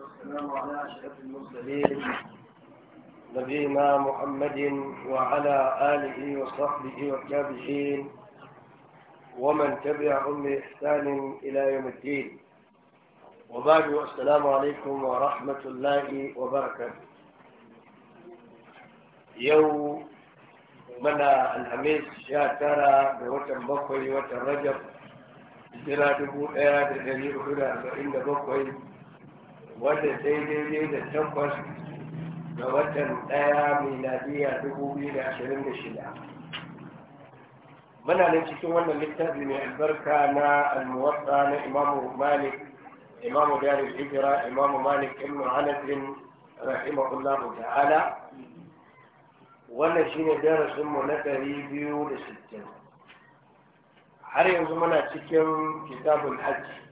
والسلام على أشرف المرسلين نبينا محمد وعلى آله وصحبه والتابعين ومن تبعهم بإحسان إلى يوم الدين وبعد السلام عليكم ورحمة الله وبركاته يوم منا الهميس sha ترى da watan bakwai رجب rajab jira dubu daya da wadda daidai da tabbas ga watan ɗaya miladiya dubu biyu da ashirin da shida muna nan cikin wannan littafi mai albarka na almuwatsa na imamu malik imamu darul hijira imamu malik ibn hanasin rahimahullahu ta'ala wannan shine darasinmu na ɗari biyu da sittin har yanzu muna cikin kitabul hajji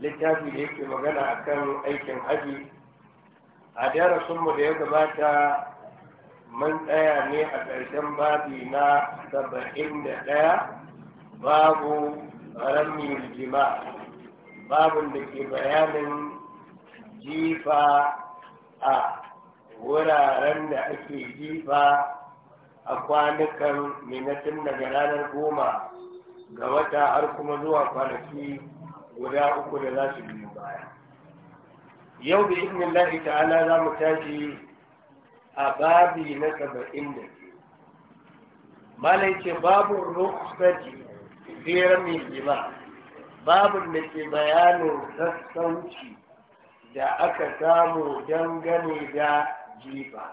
littafi da yake magana akan aikin haji a darasinmu da ya gabata mun tsaya ne a ƙarshen babi na saba'in da ɗaya babu ramin jima babin da ke bayanin jifa a wuraren da ake jifa a kwanukan minatin daga ranar goma ga wata har kuma zuwa kwanaki guda uku da za su biyu baya yau da izinin lahi ta'ala za mu tashi a babi na saba'in da ke malai ce babu rukhsati fira mai jima babun da ke bayanin sassauci da aka samu dangane da jifa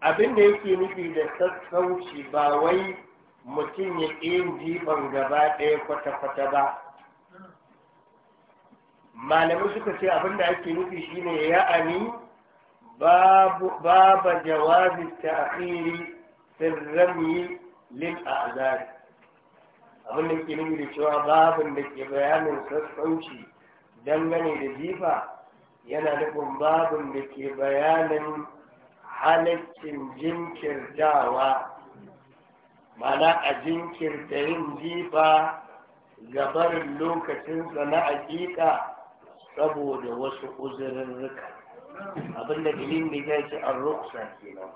abin da yake nufi da sassauci ba wai mutum ya yin jifan gaba ɗaya kwata-kwata ba malamai suka ce abin da ake nufi shine ya ani babu jawabi ta akiri sirrami lil azari abin da ke nufi da cewa babin da ke bayanin sassauci dangane da jifa yana nufin babin da ke bayanin halaccin jinkirtawa ma'ana a jinkirta yin jifa gabar lokacinsa na aƙiƙa saboda wasu rika abinda gilin da ya ce an ruksa kenan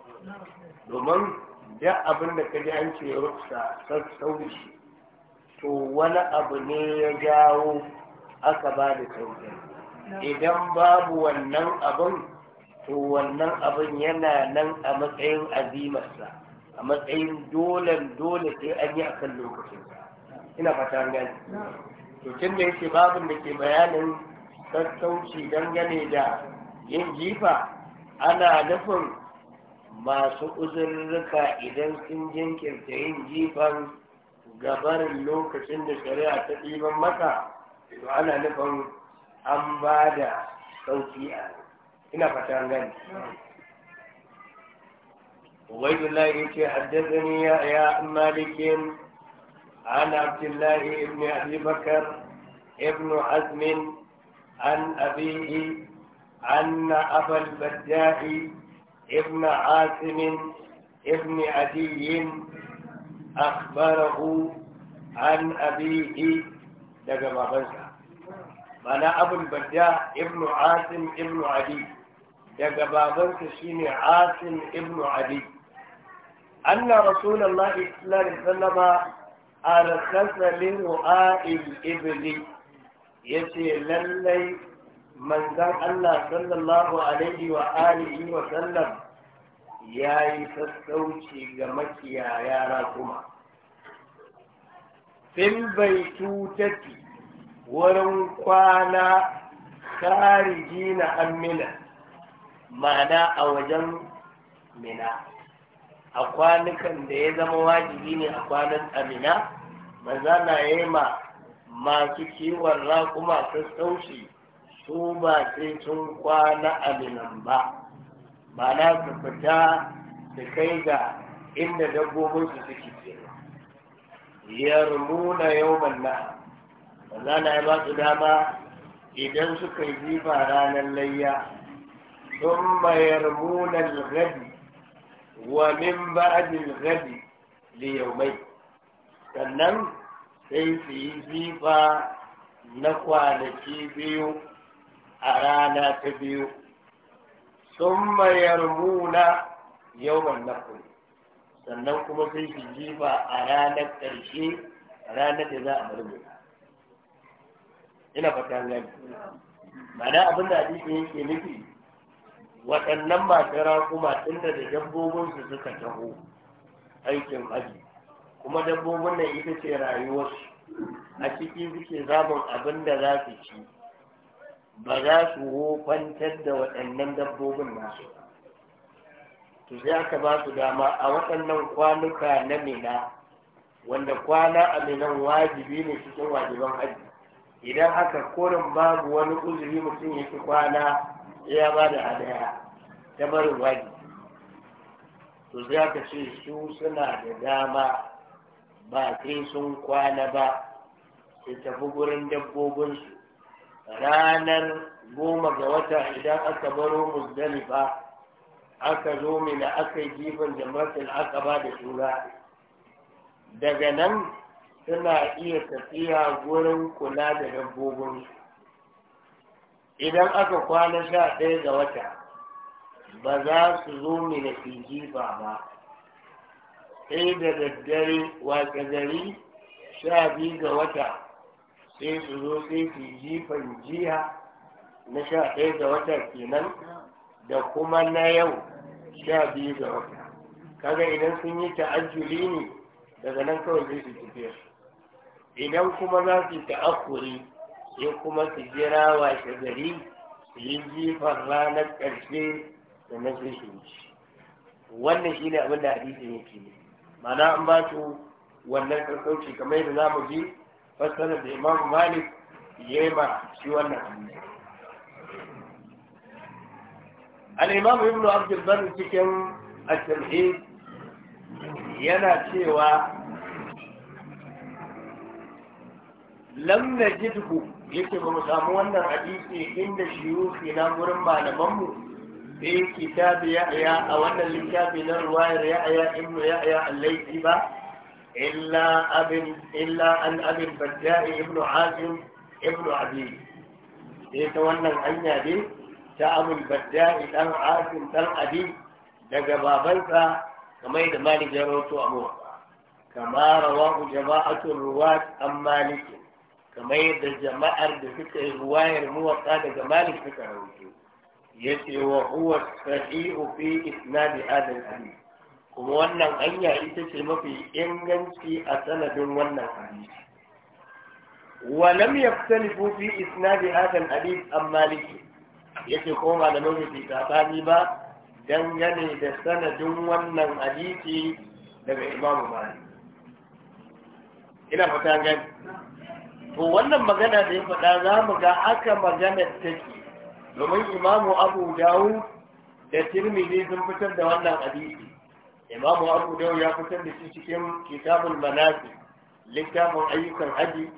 domin da abinda ka ji an ce ruksa sassauci to wani abu ne ya jawo aka ba da sauƙi idan babu wannan abin to wannan abin yana nan a matsayin azimarsa a matsayin dolen dole sai an yi a kan lokacin ina fata an gani to tun da yake babin da ke bayanin sassauci dangane da yin jifa ana nufin masu uzurruka idan sun jinkirta yin jifan gabar lokacin da shari'a ta ɗiban mata to ana nufin an ba da sauki a ina fata an gani وغير الله يتحدثني حدثني يا مالك عن عبد الله بن أبي بكر ابن حزم عن أبيه أن أبا البداء ابن عاصم ابن عدي أخبره عن أبيه لقى بنسى معنى أبو البداء ابن عاصم ابن عدي لقى بنسى شيني عاصم ابن عدي أن رسول الله صلى الله عليه وسلم أرخص لرعاء الإبل يتي للي من ذا الله صلى الله عليه وآله وسلم ya yi sassauci ga makiyaya kuma fil baitutati wurin kwana kariji na amina ma'ana a wajen Minna. a kwanukan da ya zama wajibi ne a kwanan amina maza na yi ma masu kiwon raƙuma sassauci su ba sai sun kwana aminan ba ba na su fita su kai ga inda dabbobinsu suke ke yarmuna yau na maza na yi ba su dama idan suka yi jifa ranar layya sun bayar munan gadi wa min ba'dil ghadi li yawmai sannan sai su yi jifa na kwanaki biyu a rana ta biyu sun mayar muna yawan nakon sannan kuma sai su jifa a ranar ƙarshe ranar da za a marmuna ina fata gani mana abin da hadisi yake nufi waɗannan masu raƙuma inda da dabbobinsu suka taho aikin aji. kuma dabbobin nan ita ce rayuwarsu a ciki suke zaɓin abin da za su ci ba za su wofantar da waɗannan dabbobin nasu to sai aka ba su dama a waɗannan kwanuka na mina wanda kwana a minan wajibi ne cikin wajiban aji. idan haka korin babu wani uzuri mutum ya fi kwana ya ba da hadaya ta barin wani to za ka ce su suna da dama ba sai sun kwana ba su tafi gurin dabbobinsu ranar goma ga wata idan aka baro ba, aka zo mina aka yi jifin da martin aka ba da tura daga nan suna iya tafiya gurin kula da dabbobinsu idan aka kwana sha ɗaya ga wata ba za su zo mina jifa ba sai da daddare wata gari sha biyu ga wata sai su zo sai su jifan jiya na sha ɗaya ga wata kenan da kuma na yau sha biyu ga wata kaga idan sun yi ta'ajjuli ne daga nan kawai zai su idan kuma za su yi ta'akuri ya kuma su jira washe gari su yi jifan ranar ƙarshe da na shi wannan shi ne abin da hadisin yake ne mana an ba su wannan ƙarƙauci kamar yadda za mu ji fassarar da imam malik ya yi ma shi wannan hadisi al-imam ibn abdul bar cikin at yana cewa لم نجده yake ba mu samu wannan hadisi inda shiyufi na gurin malamanmu da ya kitabi ya'ya a wannan littafi na ruwayar ya'ya ibnu ya'ya al-laifi ba illa an abin badda'i ibnu azim ibnu abi sai ta wannan hanya ne ta abin badda'i dan azim dan abi daga babansa kamar da malik ya rawato a mawaka kama rawahu jama'atul ruwat an malikin kamar yadda jama'ar da suka yi ruwayar muwatsa daga malik suka ya ce wa huwa sahihu fi isnad adal ali kuma wannan hanya ita ce mafi inganci a sanadin wannan hadisi wa lam yaftalifu fi isnad Ali, hadith am malik ce ko malaman su fi sabani ba dangane da sanadin wannan hadisi daga imamu malik ina fata gani to wannan magana da ya faɗa za mu ga aka magana take domin imamu abu dawu da tirmidhi sun fitar da wannan hadisi imamu abu dawu ya fitar da shi cikin kitabul manasi littafin ayyukan haji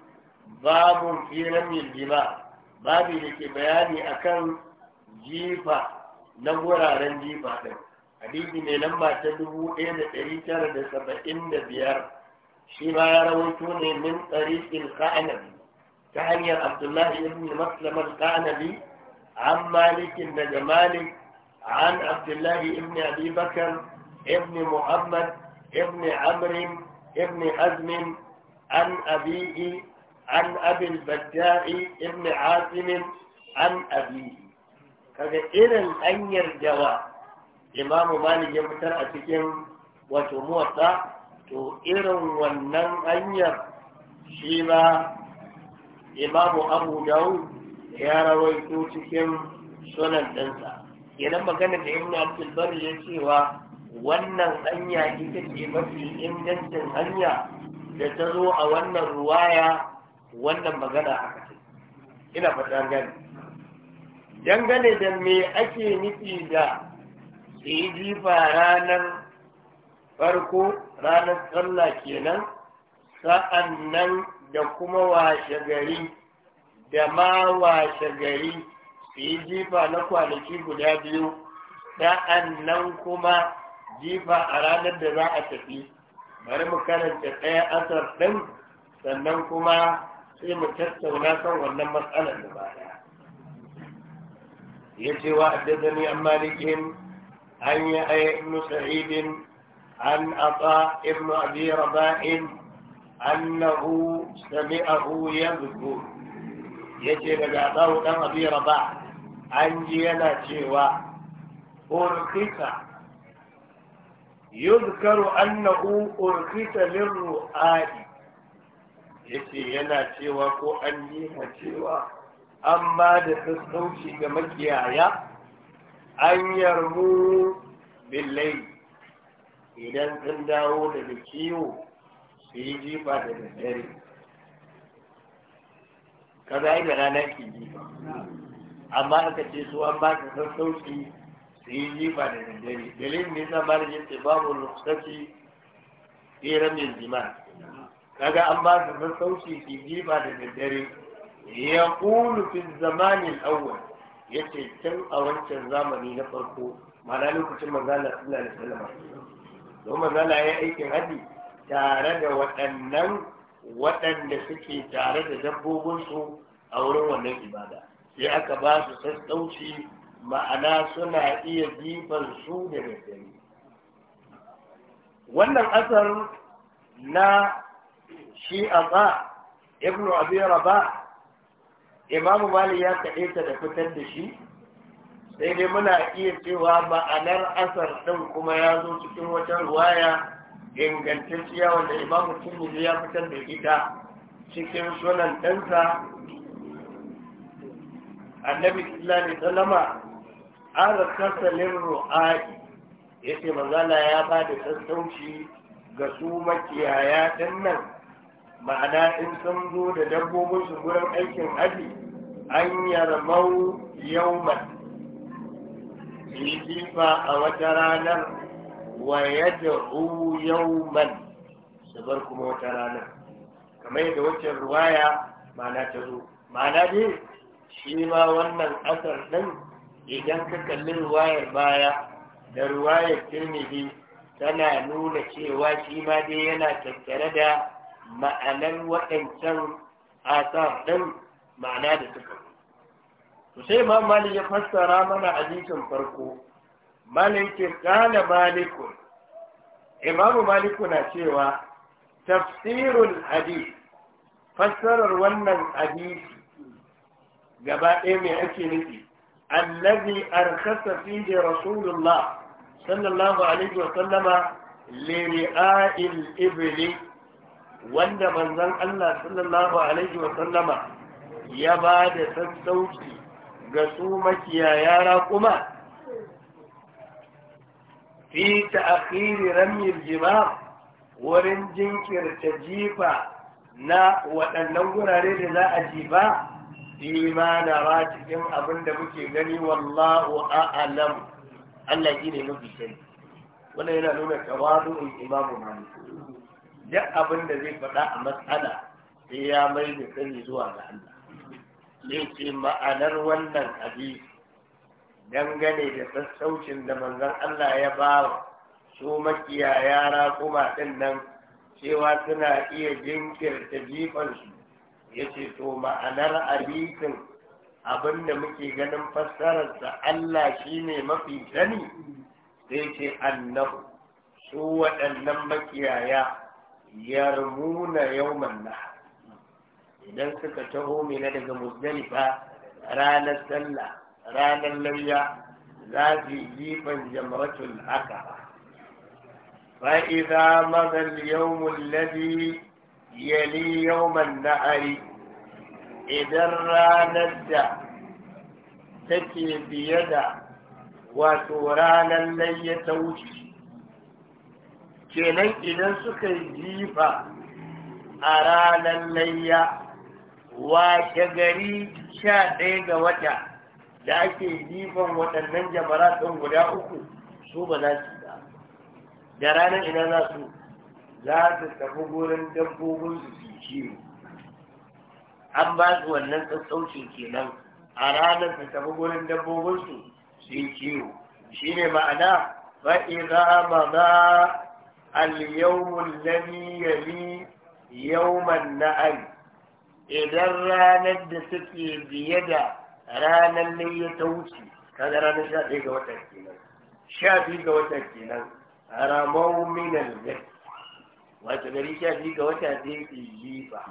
babun firan yildima babi da ke bayani akan jifa na wuraren jifa din hadisi mai lamba ta dubu ɗaya da ɗari tara da saba'in da biyar shi ma ya rawaito ne min tsariƙin ka'anabi ta hanyar abdullahi ibn maslamar ka'anabi an malikin daga malik an abdullahi ibn abi bakar ibn muhammad ibn amrin ibn azmin an abi'i an abin bajja'i ibn asimin an abi'i kaga irin hanyar jawa imamu malik ya fitar a cikin wato muwatsa to irin wannan hanyar shi ma imamu abu dawu ya rawaito cikin sunan ɗansa, idan magana da ibn abdul ya cewa wannan hanya ita ce mafi ingancin hanya da ta zo a wannan ruwaya wannan magana haka ce ina faɗa gani dangane da me ake nufi da sai jifa ranar farko ranar sallah kenan sa'an nan da kuma washe gari da ma washe gari su yi jifa na kwanaki guda biyu sa'an nan kuma jifa a ranar da za a tafi bari mu karanta ɗaya asar ɗin sannan kuma sai mu tattauna kan wannan matsalar da ba ya ce wa addadani an malikin an yi ayyar sa'idin عن عطاء بن أبي رباح أنه سمعه يذكر يجي لك عطاء بن أبي رباح عن جينا شيوا أرخص يذكر أنه أرخص للرؤاد يجي ينا شيوا كو أن جينا شيوا أما لتستوشي كمكيايا أن يرموا بالليل idan sun dawo daga ciwo su yi jifa da daddare ka za da rana ki jifa amma aka ce su an ba ka sassauci su yi jifa da daddare dalilin ne sa mara jinta babu lokaci tseren mai jima kaga an ba su sassauci su yi jifa da daddare ya ƙulu fi zamanin awwal ce can a wancan zamani na farko ma'ana lokacin magana sallallahu alaihi wasallam don na ya aikin haɗi tare da waɗannan waɗanda suke tare da dabbobinsu a wurin wannan ibada sai aka ba su sassauci ma'ana suna iya jifan su da daddare wannan asar na shi ba ibnu abi raba imamu mali ya kaɗe ta da fitar da shi sai dai muna iya cewa ma'anar asar ɗin kuma ya zo cikin wata ruwaya ingantacciya wanda imamu tirmidhi ya fitar da ita cikin sunan ɗansa annabi sallallahu alaihi wasallama an rakasa ru'ai yace manzala ya ba da sassauci ga su makiyaya ɗin nan ma'ana in sun zo da su gurin aikin aji an yarmau yi jifa a wata ranar wa da yawman su bar kuma wata ranar kamar yadda waccan ruwaya ma'ana ta zo Mana dai shi ma wannan asar ɗin idan ka kalli ruwayar baya da ruwayar tirmidhi tana nuna cewa shi ma dai yana tattare da ma'anar waɗancan asar ɗin ma'ana da suka sai imam malik ya fassara mana hadisin farko malik ya kana malikun imam malik na cewa tafsirul hadis fassarar wannan hadisi gaba ɗaya mai ake nufi allazi arkasa fihi rasulullah sallallahu alaihi wa sallama liri'a'il ibli wanda manzon Allah sallallahu alaihi wa sallama ya ba da sassauci ga su makiyaya kuma fi ta'akhiri ramil jima wurin jinkirta jifa na waɗannan gurare da za a jifa fi na ra cikin abin da muke gani wallahu a'lam Allah shi ne mafi sani wannan yana nuna tawadu'un imamu malik duk abin da zai faɗa a matsala sai ya mai da sani zuwa ga Allah yake ma'anar wannan hadisi dangane da sassaucin da manzon Allah ya bawa su makiyaya raƙuma ɗin nan cewa suna iya jinkirta jifansu ya ce to ma'anar hadisin abinda muke ganin fassararsa Allah shi ne mafi sani sai ce annahu su waɗannan makiyaya yarmuna yau, nahar idan suka taho mina daga muzdalifa ranar sallah ranar lauya za su yi ban jamratul fa idza madha al yawm akaba فإذا مضى اليوم الذي يلي يوم النهر إذا راند تكي بيدا وتورانا لن يتوشي kenan idan suka yi jifa a ranar layya washe gari sha ɗaya ga wata da ake diban waɗannan jamara ɗin guda uku su ba za su ba da ranar ina za su za su tafi gurin dabbobin su su ciwo an ba su wannan tsatsaucin kenan a ranar su tafi gurin dabbobin su su yi ciwo shi ne ma'ana fa'iza ma za al-yawmun lami yali yawman na'ari idan ranar da suke biye da ranar ne ya ta wuce kaga ranar sha ɗaya ga watan kenan sha biyu ga watan kenan haramau minal gari wato gari sha biyu ga wata ɗaya ke jifa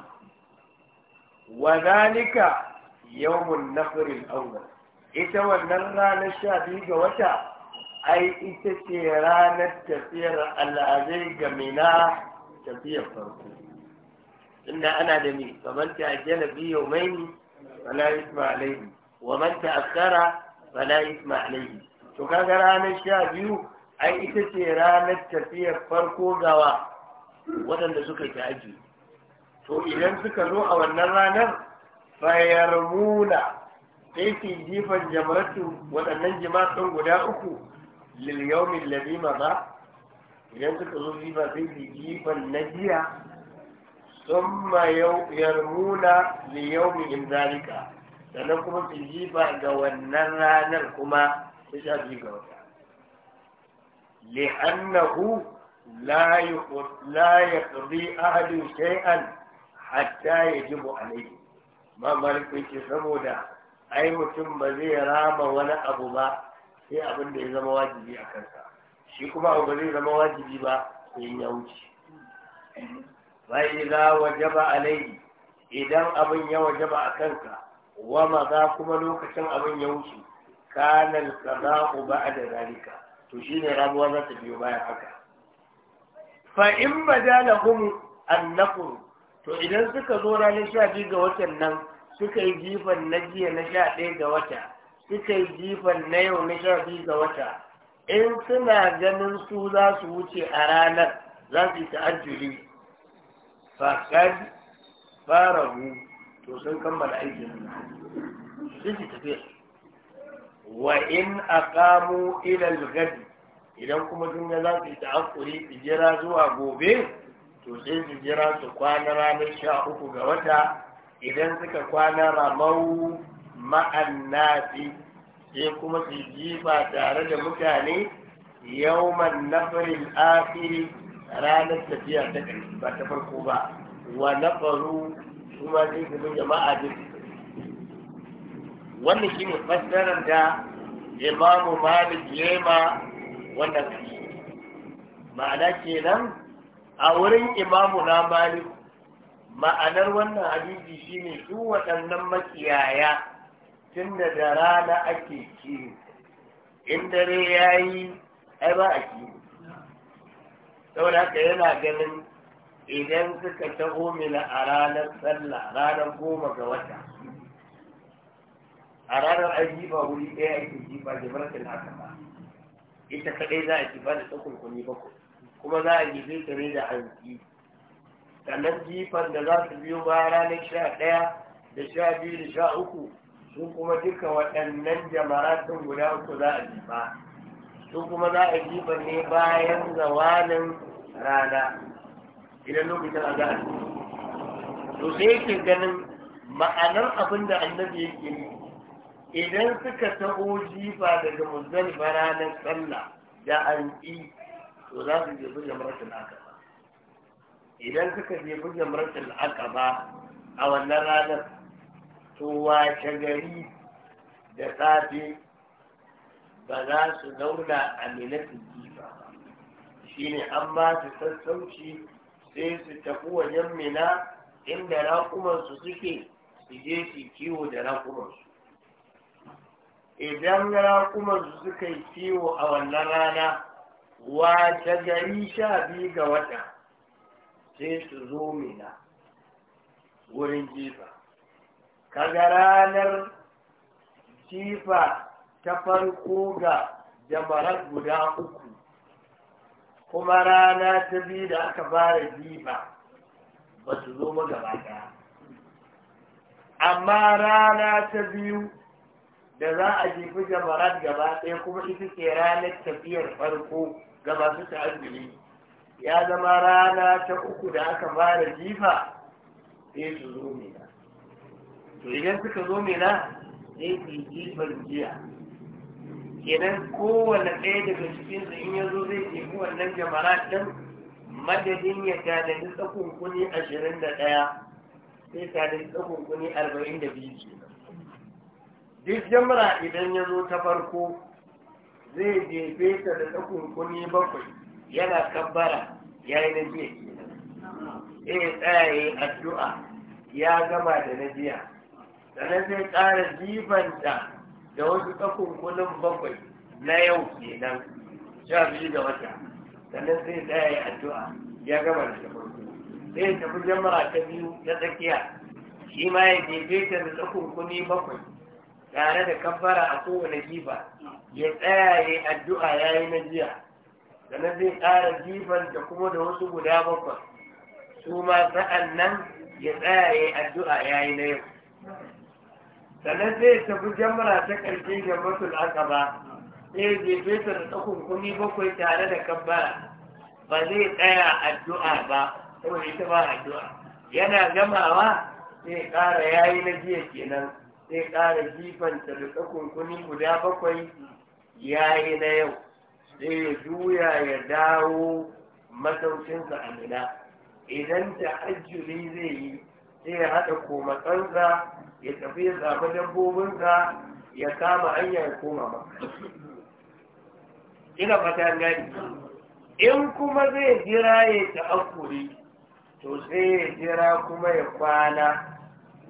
wa zalika yawmun nafril awwal ita wannan ranar sha biyu ga wata ai ita ce ranar tafiyar al'azai ga mina tafiyar farko inda ana da me faman ta'ajjala bi yawmaini fala isma alayhi wa man ta'akhkhara fala isma alayhi to kaga ranar sha biyu ai ita ce ranar tafiyar farko gawa waɗanda suka yi ta'aji to idan suka zo a wannan ranar fayarmuna sai su jifan jamaratu waɗannan jima'an guda uku lil yawmin ladima ba idan suka zo jifa sai su jifan na jiya ثم يرمون ليومهم ذلك sannan kuma su jifa ga wannan ranar kuma su sha biyu ga wata li'annahu la yaqdi ahadun shay'an hatta yajibu alayhi ma malikin ce saboda ai mutum ba zai rama wani abu ba sai abin da ya zama wajibi a kansa shi kuma abu ba zai zama wajibi ba sai ya wuce fa'iza wa jaba alai idan abin ya wa jaba a kanka wa maza kuma lokacin abin ya wuce kanal za ku ba a da zalika to shi ne rabuwa za ta biyo baya haka fa'in ba da to idan suka zo ranar sha biyu ga watan nan suka yi jifan na jiya na sha ɗaya ga wata suka yi jifan na yau na sha biyu ga wata in suna ganin su za su wuce a ranar za su yi ta'ajjuri fa fara farahu to sun kammala aikin sun ci tafiya wa in aqamu ila al-ghadi idan kuma sun ga za su yi ta'akkuri jira zuwa gobe to sai su jira su kwana ranar sha uku ga wata idan suka kwana ramau ma'an nasi sai kuma su jifa tare da mutane yawman nafarin akiri ranar tafiya ta ƙarfi ba ta farko ba wa na faru kuma zai zama jama'a duk wannan ne fassarar da Imam Malik yema wannan kashi ma'ana kenan a wurin imamu na Malik ma'anar wannan hadisi ne su waɗannan makiyaya tun da da rana ake kiwo in dare ya yi, ai ba a kiwo saboda haka yana ganin idan suka taho mina a ranar sallah ranar goma ga wata a ranar an jifa wuri ɗaya ake jifa jibarkin haka ba ita kaɗai za a jifa da takunkuni bakwai kuma za a jife ta ne da hanki sannan jifan da za su biyo ba ranar sha ɗaya da sha biyu da sha uku su kuma duka waɗannan jamaratun guda uku za a jifa su kuma za a jifa ne bayan zawalin rana idan lokacin a za'a to sai yake ganin ma'anar abin da annabi yake yi idan suka taɓo jifa daga muzdalifa ranar sallah da an yi to za su jefi jamratul ba, idan suka jefi jamratul ba a wannan ranar to wace gari da safe ba za su zauna a minatin jifa shine an ba su sassauci sai su tafi wajen mina inda raƙumansu suke su je su kiwo da raƙumansu idan raƙumansu suka yi kiwo a wannan rana wata gari sha biyu ga wata sai su zo mina wurin jifa kaga ranar jifa ta farko ga jamarar guda uku kuma rana ta biyu da aka fara jifa ba su zo magaba ɗaya amma rana ta biyu da za a jefi jamarat gaba ɗaya kuma ita ke ranar tafiyar farko ga masu ta'azzuli ya zama rana ta uku da aka fara jifa sai su zo mina to idan suka zo mina sai su yi jifar jiya Idan kowane ɗaya daga cikin su in ya zo zai ɗebi wannan jama'a ɗin madadin ya tanadi tsakon kuni ashirin da ɗaya sai tanadi tsakon kuni arba'in da biyu ke duk jama'a idan ya zo ta farko zai jefe ta da tsakon kuni bakwai yana kabbara ya yi na biya ke sai tsaya ya yi addu'a ya gama da na biya. sannan zai ƙara jifanta da wasu kakunkunan bakwai na yau kenan sha biyu da wata sannan sai tsaya ya addu'a ya gama da shi farko sai ya tafi jama'a ta biyu ta tsakiya shi ma ya jefe ta da tsakunkuni bakwai tare da kafara a kowane jifa ya tsaya ya addu'a ya yi na jiya sannan zai tsara jifan da kuma da wasu guda bakwai su ma sa'an nan ya tsaya ya addu'a ya yi na yau sannan sai ya tafi jamara ta ƙarshe ga masul ba. sai ya je ta da tsakunkumi bakwai tare da kabbara ba zai tsaya addu'a ba saboda ita ba addu'a yana gamawa sai ƙara yayi na jiya kenan sai ƙara jifanta da tsakunkuni guda bakwai yayi na yau sai ya juya ya dawo masaukinsa a mina idan ta zai yi sai ya haɗa komatsansa ya tafi ya zaɓi dabbobinsa ya kama hanya ya koma ba ina fata gani in kuma zai jira ya ta akuri to sai ya jira kuma ya kwana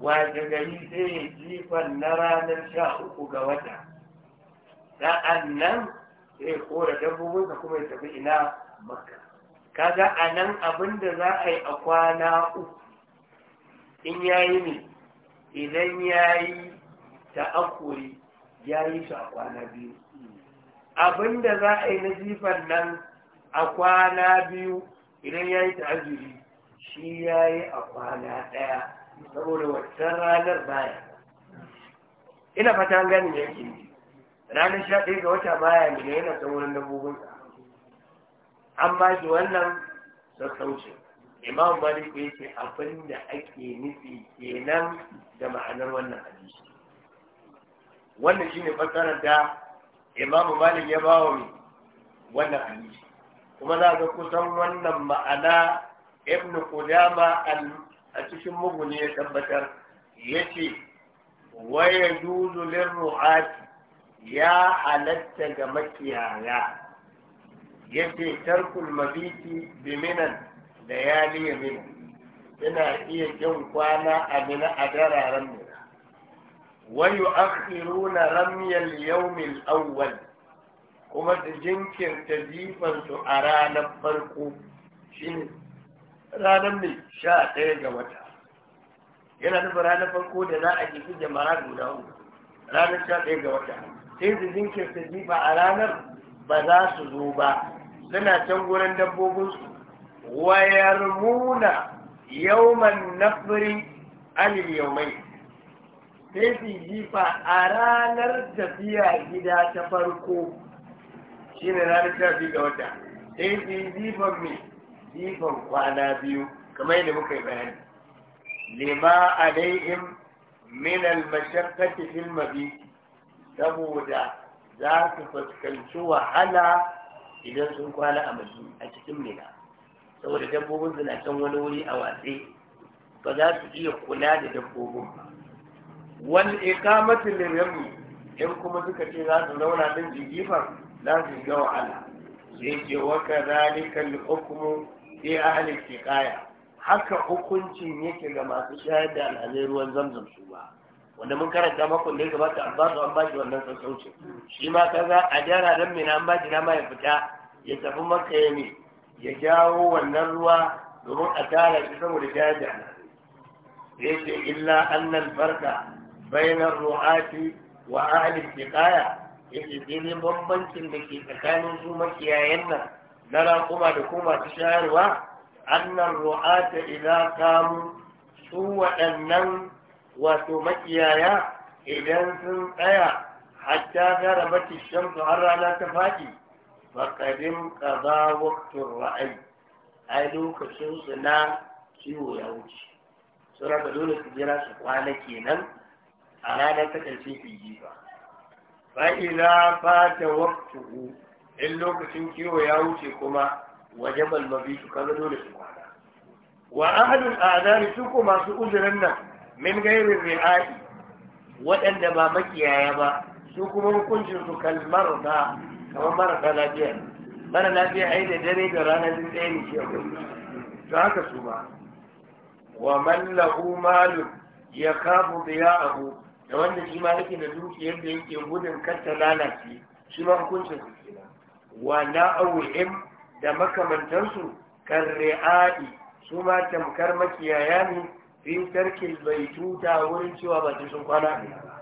wace gari sai ya jifan na ranar sha uku ga wata sa'an nan sai ya kora dabbobinsa kuma ya tafi ina makka kaga a nan abin da za a yi a kwana uku in yayi ne idan yayi ya yayi su a kwana biyu abinda za a yi na nan a kwana biyu idan yayi azuri shi yayi a kwana ɗaya saboda wancan ranar baya ina fata gani yake yi ranar sha ɗaya ga wata baya ne yana nabobin dabbobinsa an ba shi wannan sassaucin imam malik ya ce abinda ake nufi kenan da ma'anar wannan hadisi wannan shine fassarar da imam malik ya ba wa wannan hadisi kuma za ga kusan wannan ma'ana ibn qudama a cikin muguni ya tabbatar yace waya yajuzu lirru'at ya halatta ga makiyaya yace tarkul mabiti biminan da ya liya mina yana iya kin kwana a mina a dararen mina wa yu'akhiruna ramyal yaumin awwal kuma da jinkirta jifan su a ranar farko shine ranar mai sha ɗaya ga wata yana nufin ranar farko da za a jifi jama'a guda hudu? ranar sha ɗaya ga wata sai su jinkirta jifa a ranar ba za su zo ba suna can gurin dabbobinsu wayarmuna yawman nafri alil yawmai sai su jifa a ranar tafiya gida ta farko shi ne ranar tafi ga wata sai su jifan mai jifan kwana biyu kamar yadda muka yi bayani lima alaihim min al-mashaqqati fil mabit saboda za su fuskanci wahala idan sun kwana a cikin mina saboda dabbobin suna kan wani wuri a watsi ba za su iya kula da dabbobin ba wal iqamatu in kuma suka ce za su zauna din jigifar za su ga wahala sai ce wa kadhalika hukumu sai a ahli kaya. haka hukuncin yake ga masu shayar da alhalin ruwan zamzam su ba wanda mun karanta makon da ya gabata an ba su an wannan sassaucin shi ma kaza a jara dan mina an ba na ya fita ya tafi maka ya ne ya jawo wannan ruwa domin a tara shi saboda jaja da yake illa annal farka bainar ru'ati wa ahlil tiqaya yake dai bambancin da ke tsakanin su makiyayen nan na raƙuma da kuma su shayarwa annan ru'ata idan kamu su waɗannan wato makiyaya idan sun tsaya hatta gara bati shamsu har rana ta faɗi faƙadin kaza waktun ra'ayi ai lokacinsu na ciwo ya wuce suna ka dole su jira su kwana kenan a ranar ta ƙarshe su yi ba fa'ila fata waktuhu in lokacin kiwo ya wuce kuma waje balmabi su kaga dole su kwana wa ahadul adari su ko masu uzurin nan min gairin ri'a'i waɗanda ba makiyaya ba su kuma hukuncin su kalmar ba kamar marasa lafiya mara lafiya yi da dare da rana duk ɗaya ne shi akwai to haka su ba wa mallahu malu ya kafu biya abu da wanda shi ma yake da duki yadda yake gudun kanta lalace shi ma hukuncin su na wa na'awihim da makamantansu kan ri'a'i su ma tamkar makiyaya ne fi tarkin bai tuta wurin cewa ba sun kwana ne ba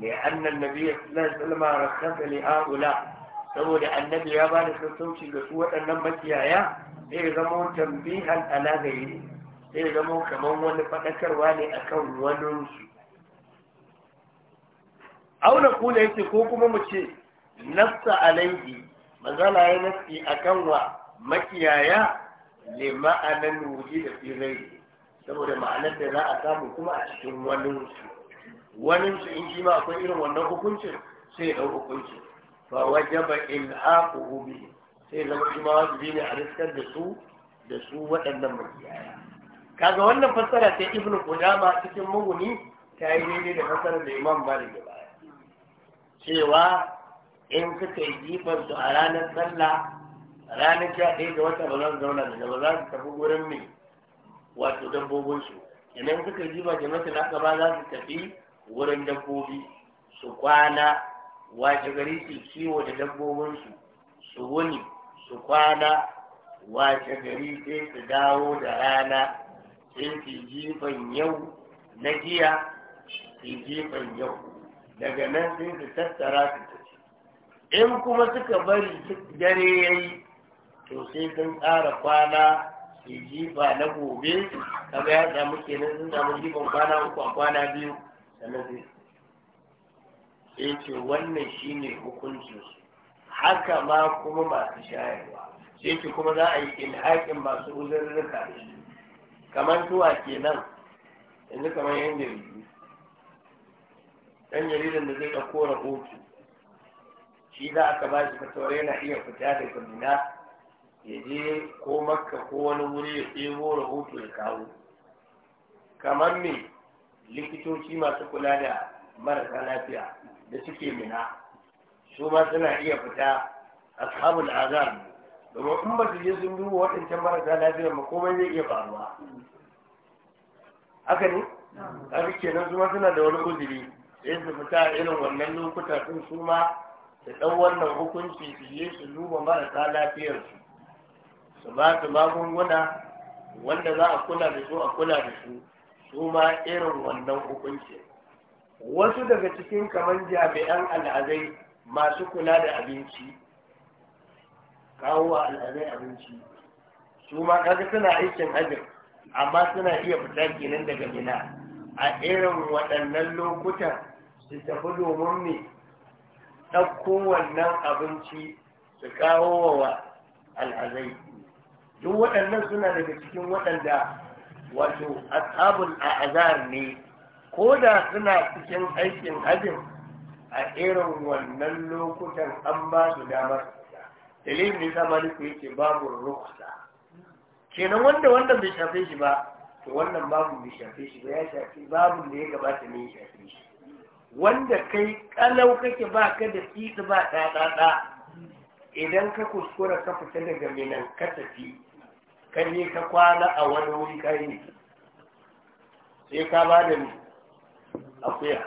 لأن النبي صلى الله عليه وسلم رخص لهؤلاء saboda annabi ya bada sassauci ga su waɗannan makiyaya zai zama tambihan ala gairi zai zama kamar wani faɗakarwa ne akan kan auna kula yake ko kuma mu ce nafsa alaihi mazala ya a akan wa makiyaya ne ma'anan wuri da firai saboda ma'anar da za a samu kuma a cikin wani wani in shi ma akwai irin wannan hukuncin sai ya dau hukunci fa wajaba in aqu bi sai zama shi ma wajibi ne a riskar da su da su waɗannan makiyaya kaga wannan fassara ta ibnu kudama cikin muguni. ta yi daidai da fassarar da imam bari da baya cewa in suka yi jifar su a ranar sallah ranar sha ɗaya ga wata ba za su zauna da ba za su tafi wurin mai wato dabbobinsu idan suka yi jifa da masu na ba za su tafi wurin dabbobi su kwana wace gari su kiwo da dabbobinsu su wuni su kwana wace gari sai su dawo da rana sai su jifan yau na giya su jifan yau daga nan sai su tattara su tafi in kuma suka bari dare ya yi to sai sun tsara kwana su jifa na gobe kaga ya samu kenan sun samu jifan kwana uku a kwana biyu sanadi sai ce wannan shine hukuncin haka ma kuma masu shayarwa sai ce kuma za a yi ilhaƙin masu uzurruka da shi kamar tuwa kenan yanzu kamar yan jaridu Dan jaridan da zai ɗauko rahoto shi za aka ba shi fatawar yana iya fita da kaduna ya je ko makka ko wani wuri ya ɗebo rahoto ya kawo kamar me likitoci masu kula da marasa lafiya da suke mina su ma suna iya fita ashabul azar domin in ba su je sun duba waɗancan marasa lafiya ba komai zai iya faruwa haka ne kaga kenan su ma suna da wani uzuri sai su fita a irin wannan lokuta sun su ma su ɗan wannan hukunci su je su duba marasa lafiyarsu su ba su magunguna wanda za a kula da su a kula da su su ma irin wannan hukunci wasu daga cikin kamar jami'an al'adai masu kula da abinci kawo al'adai abinci su ma kaga suna aikin ajin amma suna iya fita kenan daga mina a irin waɗannan lokutan su tafi domin me ɗauko wannan abinci su kawo wa al'azai duk waɗannan suna daga cikin waɗanda wato ashabul a'azar ne ko da suna cikin aikin hajjin a irin wannan lokutan an ba su damar dalilin ne sama nufi yake babu ruksa kenan wanda wanda bai shafe shi ba to wannan babu bai shafe shi ba ya shafi babu da ya gabata ne ya shafe shi wanda kai kalau kake ba ka da tsitsi ba ɗaɗaɗa idan ka kuskura ka fita daga minan ka tafi ka je ka kwana a wani wuri ka yi sai ka ba da akuya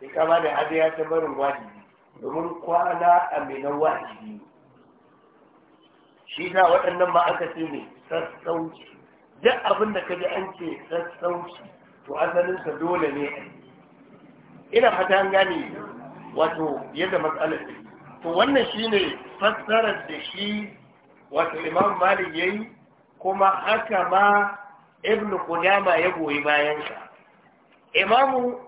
sai ka ba da hadiya ta barin wajibi domin kwana a minan wajibi shi da waɗannan ma aka ce ne sassauci duk abin da ka ji an ce sassauci to asalinsa dole ne ina fata an gane wato yadda matsalar to wannan shi ne fassarar da shi wato imam malik ya yi kuma haka ma ibnu kudama ya goyi bayansa imamu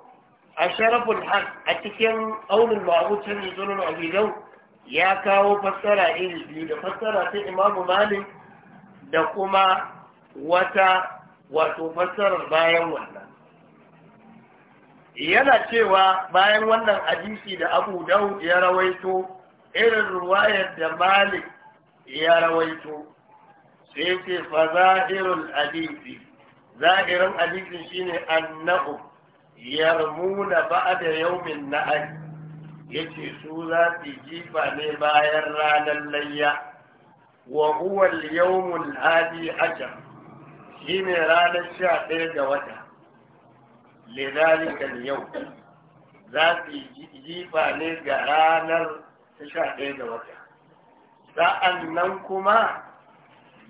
a sharafin haq a cikin aunin ma'abucin rizunin abidau ya kawo fassara iri biyu da fassara ta imamu malik da kuma wata wato fassarar bayan wannan yana cewa bayan wannan hadisi da abu daud ya rawaito irin ruwayar da malik ya rawaito sai ke fa zahirul hadisi zahirin hadisin shine annahu yarmuna ba'da yawmin na'am yace su za su jifa ne bayan ranar layya wa huwa al-yawmul hadi ajr shine ranar sha ga wata lidhalika al-yawm za su jifa ne ga ranar sha ɗaya ga wata sa'an nan kuma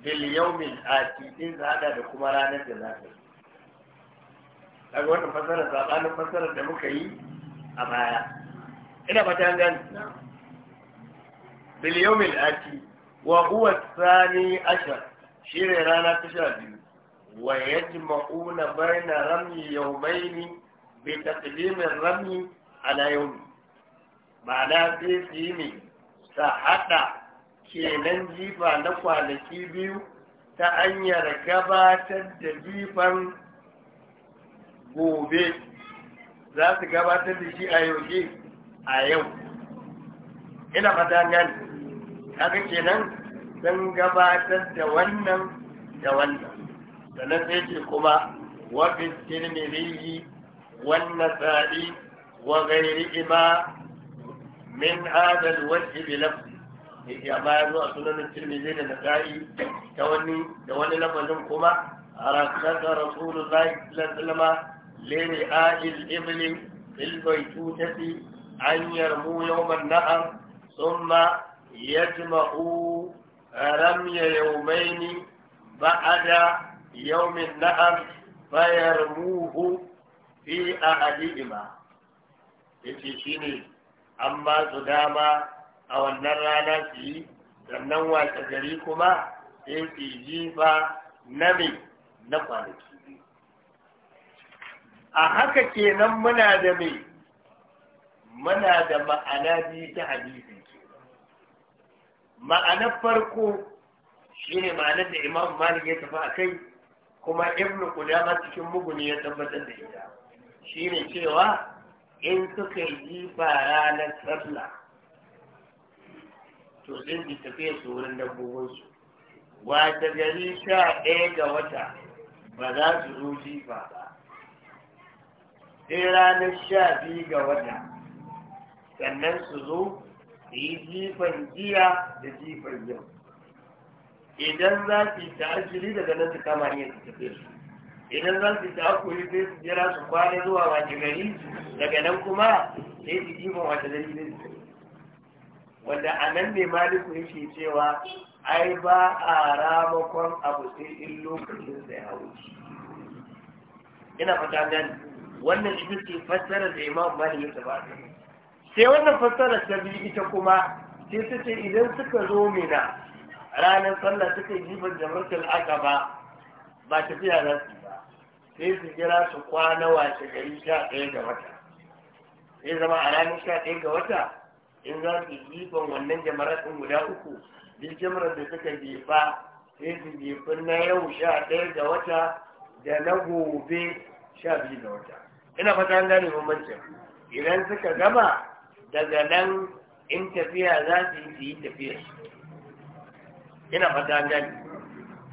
bil yawmin ati din zaɗa da kuma ranar da za ta yi daga wannan fasarar saɓanin fasarar da muka yi a baya ina fata gani bil yawmin ati wa huwa sani ashar ne rana ta sha biyu wa Ma'una bayna ramyi yaumaini bi taqdim ar-ramy ala yawmi ma'ana sai su yi ne ta hada kenan jifa na kwanaki biyu ta hanyar gabatar da jifan gobe za su gabatar da shi a yaushe a yau ina fata gani haka kenan sun gabatar da wannan da wannan sannan sai ce kuma wafin tirmidhi wannan tsari wa gairi ima min adal wajibi lafi da yake amma ya zo a sunanin tirmidhi da nasa'i ta wani da wani lafazin kuma rakata rasulullahi sallallahu alaihi لرعاء الإبل في البيتوتة أن يرموا يوم النحر ثم يجمعوا رمي يومين بعد يوم النحر فيرموه في أحدهما. Yace shi ne, amma su dama a wannan rana su yi sannan wata gari kuma sai su jifa na mai na kwanaki a haka kenan muna da mai muna da ma'ana biyu ta hadisi ma'anar farko shine ma'anar da imam malik ya tafi a kai kuma ibn qudama cikin muguni ya tabbatar da ita ne cewa in suka yi fara ranar sallah to sai su tafiya su wurin dabbobinsu wata gari sha ɗaya ga wata ba za su zo jifa ba sai ranar sha biyu ga wata sannan su zo su yi jifan jiya da jifan yau idan za su yi ajiyar daga nan su kama ne su tafiya su idan za su yi ta'akuri sai su jira su kwana zuwa wata gari daga nan kuma sai su jifan wata gari ne su tafiya wanda a nan ne maliku yake cewa ai ba a ramakon abu sai in lokacin sai a wuce ina fata gani wannan shi ce fassara da imam mali ya taba sai wannan fassara ta biyu ita kuma sai ta ce idan suka zo mina ranar sallah suka yi ban jamurkar aka ba ba tafiya za su ba sai su jira su kwana wace gari sha ɗaya ga wata sai zama a ranar sha ɗaya ga wata in za su jifan wannan jamarar ɗin guda uku bi jamarar da suka jefa sai su jefa na yau sha ɗaya ga wata da na gobe sha biyu ga wata ina fata an gane bambancin idan suka gama daga nan in tafiya za su yi su yi tafiya ina fata an gane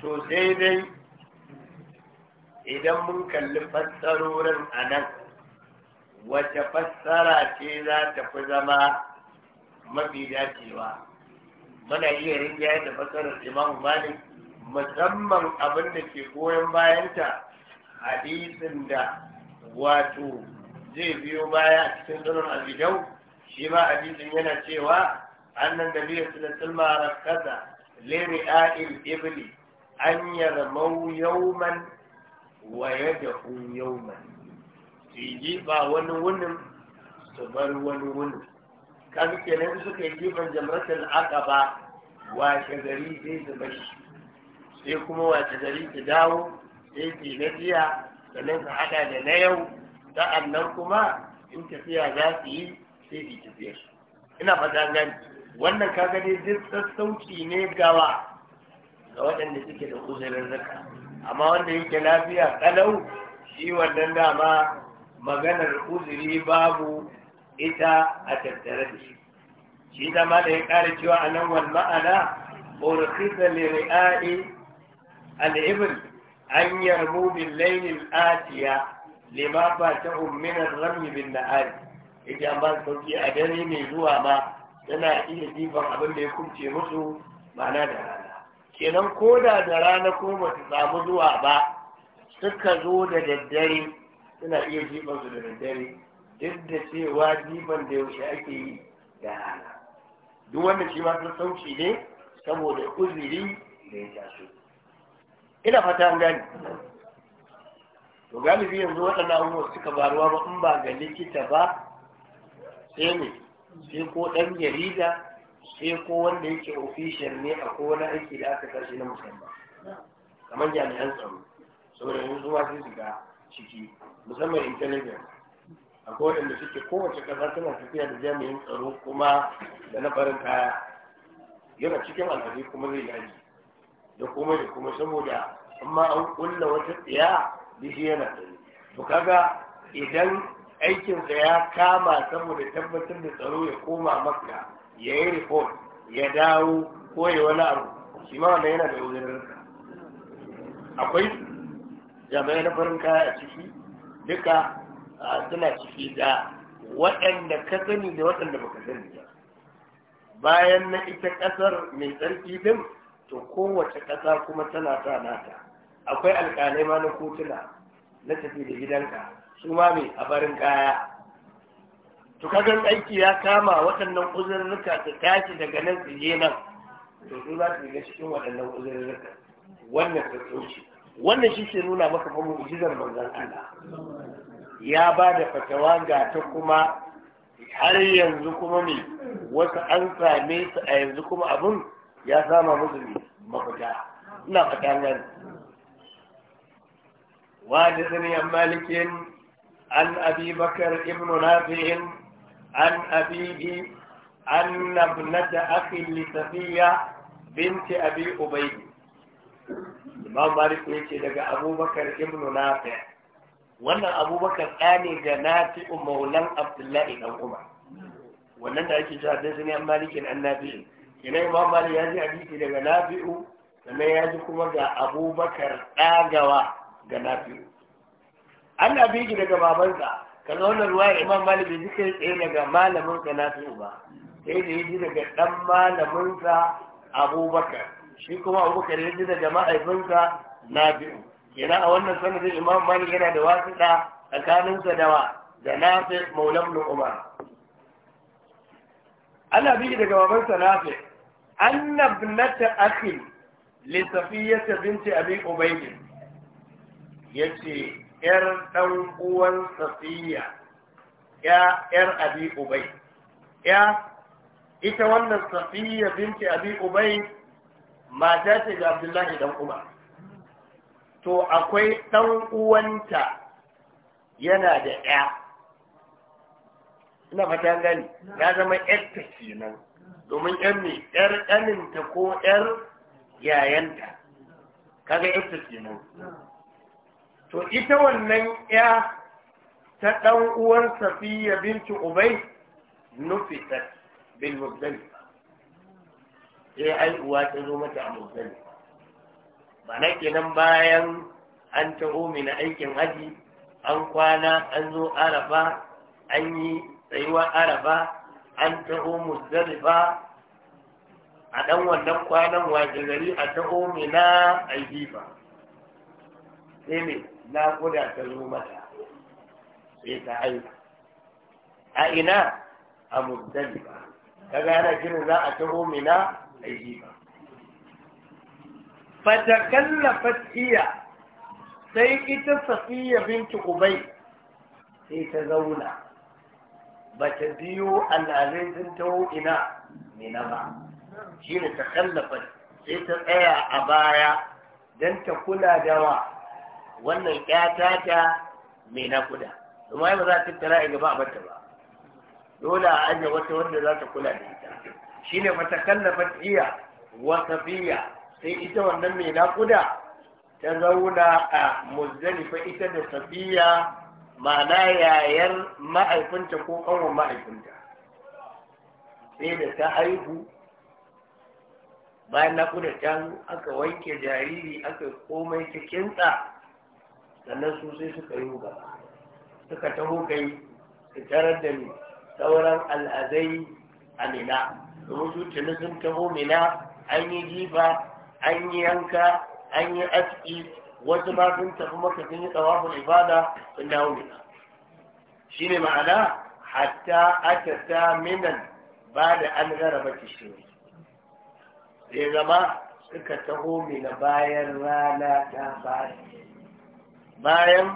to sai dai idan mun kalli fassarorin a nan wace fassara ce za ta fi zama mafi dacewa muna iya rinjaya da matsalar imam malik musamman abin da ke goyon bayanta hadisin da wato zai biyo baya a cikin sunan abidau shi ma hadisin yana cewa annan da biyu su da rakasa liri a'il ibli an yarmau yauman wa yadahu yauman su yi ba wani wunin su bar wani wunin kaga kenan suka yi gefen jamratul aqaba washe gari zai su bashi sai kuma washe gari su dawo sai su na jiya sannan ka hada da na yau sa'an nan kuma in tafiya za su yi sai ki tafiya ina fata gani wannan kaga dai duk sassauci ne gawa ga waɗanda suke da uzurin zaka amma wanda yake lafiya kalau shi wannan dama maganar uzuri babu ita a tattare da shi shi zama da ya ƙari cewa a nan wani ma'ana urkhisa li ri'a'i al-ibl an yarmu bil layl al-atiya lima ba ta umminar rami bin nahar ita ba sauki a dare mai zuwa ma tana iya jifan abin da ya kubce musu ma'ana da rana kenan da da rana ko ba su samu zuwa ba suka zo da daddare suna iya jifan su da daddare duk da cewa diban da yaushe ake yi da rana duk wanda shi ma sun sauki ne saboda uzuri da ya taso ina fata an gani to galibi yanzu waɗannan abubuwa suka faruwa ba in ba ga likita ba sai ne sai ko ɗan jarida sai ko wanda yake ofishiyar ne a ko wani aiki da aka kashe na musamman kamar jami'an tsaro saboda yanzu ma sai su ga ciki musamman intelligence akwai waɗanda suke kowace ƙasa suna tafiya da jami'in tsaro kuma da na farin kaya yana cikin alhaji kuma zai yaji da kuma da kuma saboda amma an kulla wata tsaya shi yana tsaro to kaga idan aikinsa ya kama saboda tabbatar da tsaro ya koma makka ya yi report ya dawo ko ya wani abu shi ma wannan yana da wajen akwai jami'ai na farin kaya a ciki duka suna ciki da waɗanda ka sani da waɗanda baka sani ba bayan na ita ƙasar mai tsarki ɗin, to kowace ƙasa kuma tana sa nata akwai alƙalai ma na kotuna na tafi da gidanka su ma mai a barin kaya to kagan aiki ya kama waɗannan uzurruka su tashi daga nan su je nan to su za su shiga cikin waɗannan uzurruka wannan ta tsoci wannan shi ke nuna maka fa mu'jizar manzan Allah ya ba da fatawa ga ta kuma har yanzu kuma ne wasu an same su a yanzu kuma abun ya sama musu ne mafita ina fata nan wa da saniyan malikin an abi bakar ibnu nafi'in an abihi an nabnata akhi lisafiya binti abi ubayd imam malik ne daga abubakar ibnu nafi' wannan abubakar ɗane ga nafi maulan abdullahi dan umar wannan da ake cewa dan sani an malikin an shi. kenan imam malik ya ji hadisi daga nafi'u sannan ya ji kuma ga abubakar ɗagawa ga nafi'u an nafi bigi daga babansa ka wannan ruwa imam malik bai ji kai tsaye daga malamin sa nafi'u ba sai da ya ji daga ɗan malaminsa sa abubakar shi kuma abubakar ya ji daga ma'aifinsa nafi'u yana a wannan sanadin imam malik yana da wasiƙa tsakanin sa dawa da nafi maulam bin umar ana bi daga sa nafi anna ibnata akhi li safiyata binti abi ubayd yace yar dan uwan safiya ya yar abi ubayd ya ita wannan safiya binti abi ubayd mata ce ga abdullahi dan umar to akwai ɗan uwanta yana da ɗaya ina fata gani ya zama ƴarta kenan domin ƴar ne ƴar ƙaninta ko ƴar yayanta kaga ƴarta kenan to ita wannan ƴa ta ɗan uwar safiya binti ubai ta bin muzdalifa sai eh, ai uwa ta zo mata a muzdalifa bana kenan bayan an taho mina aikin haji an kwana an zo arafa an yi tsayuwa arafa an taho musdalifa a ɗan wannan kwanan wajen gari a taho mina aljifa sai ne na kuda ta zo mata sai ta haifa a ina a musdalifa kaga gane kiran za a taho mina aljifa fatakallafat iya sai ita safiya binti ubai sai ta zauna ba ta biyo al'adai sun taho ina shi ne ta kallafat sai ta tsaya a baya don ta kula da wa wannan ƴata ta mai nakuda kuma ai ba gaba a ba dole a ajiye wanda za ta kula da ita iya wa safiya sai ita wannan mai naƙuda ta zauna a muzdalifa ita da safiya ma'ana yayar ma'aikunta ko ƙanwar ma'aikunta. sai da ta haihu bayan naƙuda ta aka wanke jariri aka komai cikin tsa sannan su sai suka yi gaba suka taho kai su tarar da ni sauran al'azai a mina domin su tuni sun taho mina an yi jifa an yi yanka an yi aski wasu ma sun tafi maka sun yi tsawafin ibada sun dawo mina shi ne ma'ana hatta aka ta minan ba da an garaba kishiri sai zama suka taho mina bayan rana ta fadi bayan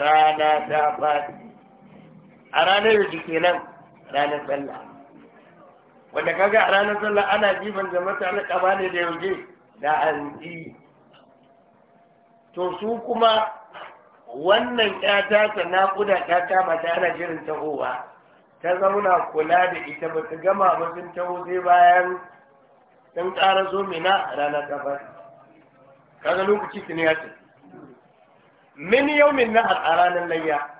rana ta fadi a ranar da ke nan ranar sallah wanda kaga a ranar sallah ana jiban da mutane kaba ne da yauje da yi to su kuma wannan ya na naƙuda ta kama ta ana jirin tahowa ta zauna kula da ita ba ta gama ba sun taho sai bayan sun ƙara zo mina rana ta ba kaga lokaci su ne ya ce min yau min na a ranar layya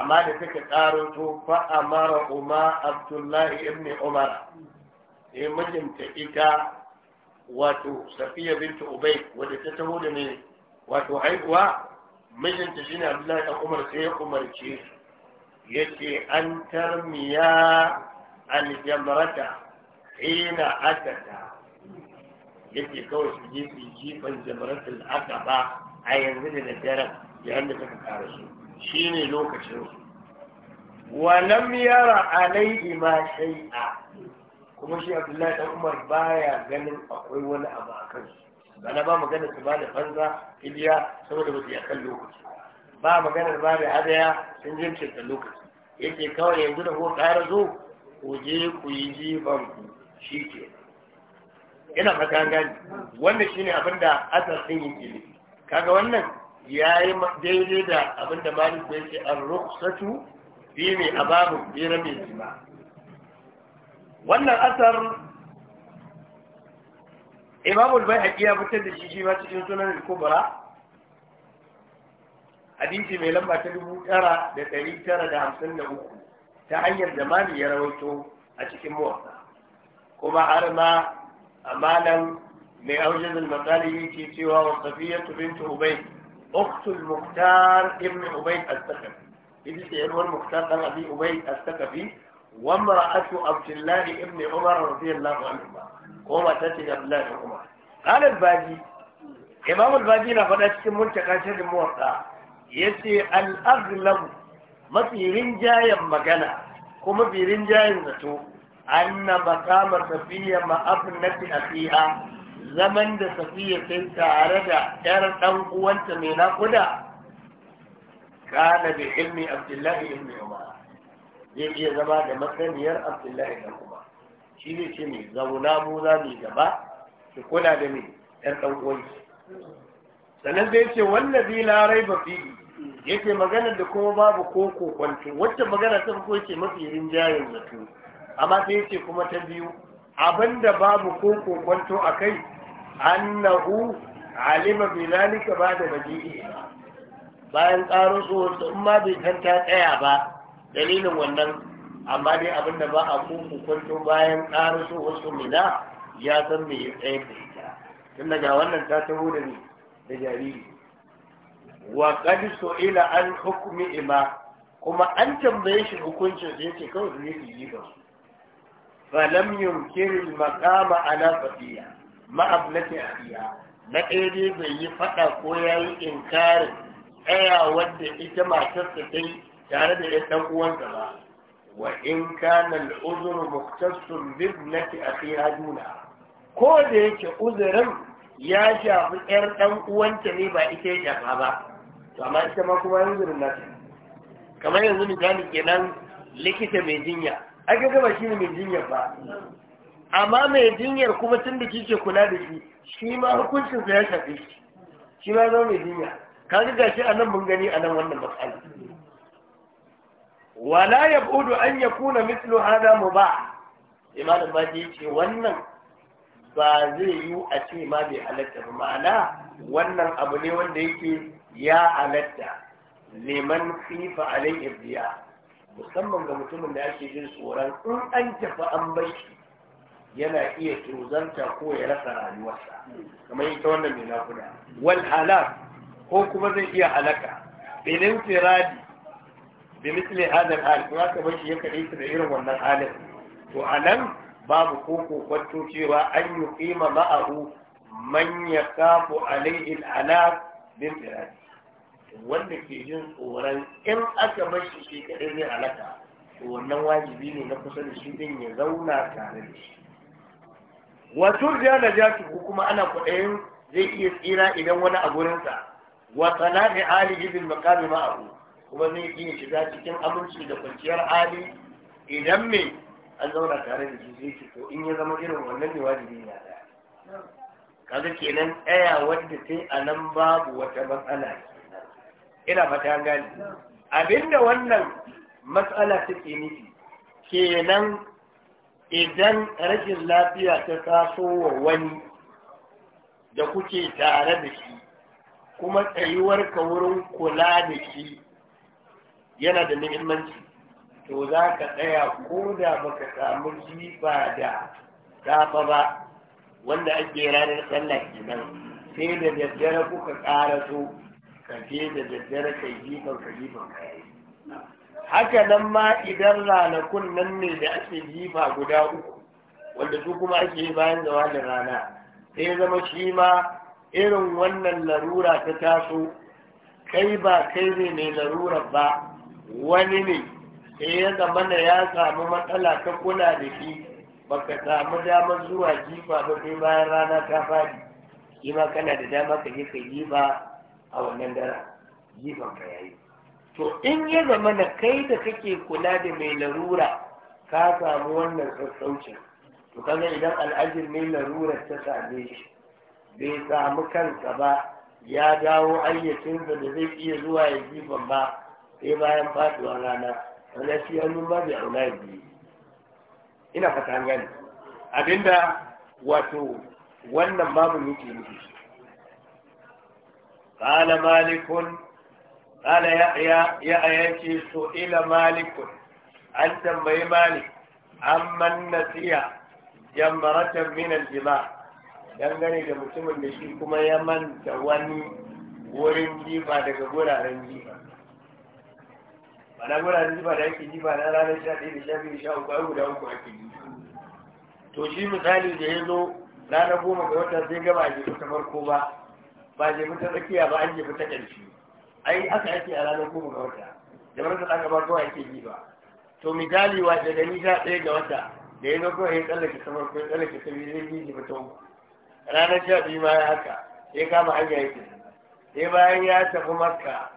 amma da take ƙaro to fa amara umma abdullahi ibn umar sai mijinta ita wato safiya bintu ubay wadda ta taho da ne wato haihuwa mijinta shine abdullahi dan umar sai ya umarce yace an tarmiya an aljamrata hina atata yake kawai su je su jifan jamratul aqaba a yanzu da daddare yayin da suka kare su Shi ne lokacin su wa lam yara alaihi ma shay'a kuma shi Abdullahi dan Umar baya ganin akwai wani abu a kansu ba na ba magana su ba da banza iliya saboda ba su yi kan lokaci ba maganar ba da hadaya sun da lokaci yake kawai yanzu da kuka kara zo ku je ku yi jifan ku shi ke ina fata gani wannan ne abin da asar sun yi kaga wannan ya yi daidai da abin da maliku yake an rukusatu fi ne a babu bera mai jima wannan asar imamul bai haƙi ya fitar da shi shi ma cikin sunan kubra hadisi mai lamba ta dubu tara da ɗari tara da hamsin da uku ta hanyar da mali ya rawaito a cikin muwasa kuma har ma amalan mai aujizul matsali ke cewa wa safiyatu bintu ubayd uktul muktar ibn ubayd al-thaqafi ita ce al-thaqafi wa mar'atu abdullah ibn umar radiyallahu anhu ko mata ce abdullah ibn umar qala al-baji imam al na faɗa cikin muntaka shirin muwatta yace al-aghlab mafi rinjayen magana ko mafi rinjayen zato anna maqama safiya ma zaman da safiya sai tare da ‘yar ɗan uwanta mai naƙuda kana bi ilmi abdullahi ilmi umar zai iya zama da matsaniyar abdullahi ɗan umar shi ne ce mai zauna mu za mu gaba ki kula da mai ‘yar ɗan uwanki sannan zai ce wannan zai larai ba fi yake magana da kuma babu ko kokwanto wacce magana ta farko ce mafi rinjayen zato amma sai ce kuma ta biyu abinda babu ko kokwanto a kai annahu alima bi zalika ba da bayan tsaro su in ma bai san tsaya ba dalilin wannan amma dai abin ba a kuku kwanto bayan tsaro su wasu mina ya san me ya tsaye da ita tun daga wannan ta taho da ni da jariri wa qad ila an hukmi ima kuma an tambaye shi hukuncin sai ce kawai zai yi ba falam yumkin al maqama ala fadiya a abiya na ɗaya dai bai yi faɗa ko ya yi inkarin tsaya wadda ita matarsa ta yi tare da ya ɗan uwansa ba wa in kana al'uzuru muktasun bibnati akhiha juna ko da yake uzurin ya shafi 'yar ɗan uwanta ne ba ita ya shafa ba to amma ita ma kuma uzurin nata kamar yanzu misali kenan likita mai jinya ake gaba shi ne mai jinya ba amma mai jinyar kuma tun da kike kula da shi shi ma hukuncin sa ya shafe shi shi ma zama mai jinya ga gashi a nan mun gani a nan wannan matsala wala ya budu an kuna mislu hada ba? imanin ba badi yace wannan ba zai yi a ce ma bai halatta ba ma'ana wannan abu ne wanda yake ya halatta liman khifa alai irdiya musamman ga mutumin da ake jin tsoron in an tafi an bai shi yana iya tuzanta ko ya rasa rayuwarsa kamar ita wannan mai nakuda wal halak ko kuma zai iya halaka bilin firadi bi misli hadal hal kuma ka bashi ya kade da irin wannan halin to anan babu ko kwato cewa an yi kima ma'ahu man ya kafu alaihi alaq bin firadi wanda ke jin tsoron in aka bashi shi kade zai halaka to wannan wajibi ne na kusa da shi din ya zauna tare da shi wato ya na ja kuma ana kudayin zai iya tsira idan wani a gurinsa wa tsanafi ali ibn makami ma'ahu kuma zai iya shiga cikin aminci da kwanciyar ali idan me an zauna tare da shi zai in ya zama irin wannan ne wajibi ya da kaga kenan aya wanda sai a nan babu wata matsala ina fata gani abinda wannan matsala take nufi kenan idan rashin lafiya ta taso wa wani da kuke tare da shi kuma tsayuwar ka wurin kula da shi yana da muhimmanci to za ka tsaya ko da baka samu jifa da safa ba wanda ake ranar sallah kenan sai da daddare kuka ƙara so ka je da daddare ka jifan ka jifan ka haka nan ma idan ranakun nan ne da ake jifa guda uku wanda su kuma ake yi bayan da rana sai zama shi ma irin wannan larura ta taso kai ba kai ne mai larura ba wani ne sai ya zama na ya samu matsala ta kula da shi baka samu damar zuwa jifa ba sai bayan rana ta fadi shi ma kana da dama ka je ka jifa a wannan dara jifan ka yayi to in ya zama na kai da kake kula da mai larura ka samu wannan sassaucin to kaga idan al'ajir mai larurar ta same shi bai samu kansa ba ya dawo ayyacinsa da zai iya zuwa ya jifan ba sai bayan faduwar rana wanda shi hannun ba bai auna biyu ina fata gani abinda wato wannan babu yake nufi قال مالك ƙala ya'ya ya'ya ce so ila malikun an tambayi malik an man nasiya jambaratan min aljima dangane da mutumin da shi kuma ya manta wani wurin jifa daga guraren jifa mana guraren jifa da ake jifa na ranar sha ɗaya da sha biyu sha uku guda uku ake jifa to shi misali da ya zo ranar goma ga wata sai gaba a jefi ta farko ba ba jefi ta tsakiya ba an jefi ta ƙarshe ai aka yake a ranar goma ga wata da wanda aka gaba kowa yake ji ba to misali wa da gani ɗaya ga wata da ya zo ya tsallake samar ko ya tsallake sabi zai ji ji fito ranar sha biyu ma ya haka ya kama hanya yake sai bayan ya tafi makka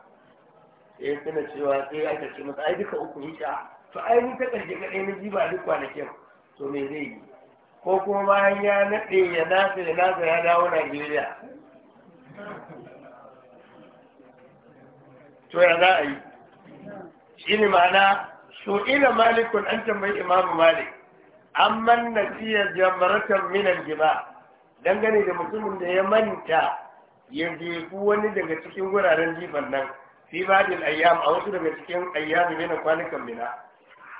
ya tuna cewa sai aka ce masa ai duka uku hita to ai ni ta ƙarshe ga ɗaya na ji ba duk kwanakin to me zai yi ko kuma bayan ya naɗe ya nasa ya nasa ya dawo Najeriya to ya za a yi shi ne ma'ana ina malikun an tambayi imamu malik an manna nasiya jamaratan minan jima dangane da mutumin da ya manta ya jefu wani daga cikin wuraren jifan nan fi badil ayyam a wasu daga cikin ayyami minan kwanukan mina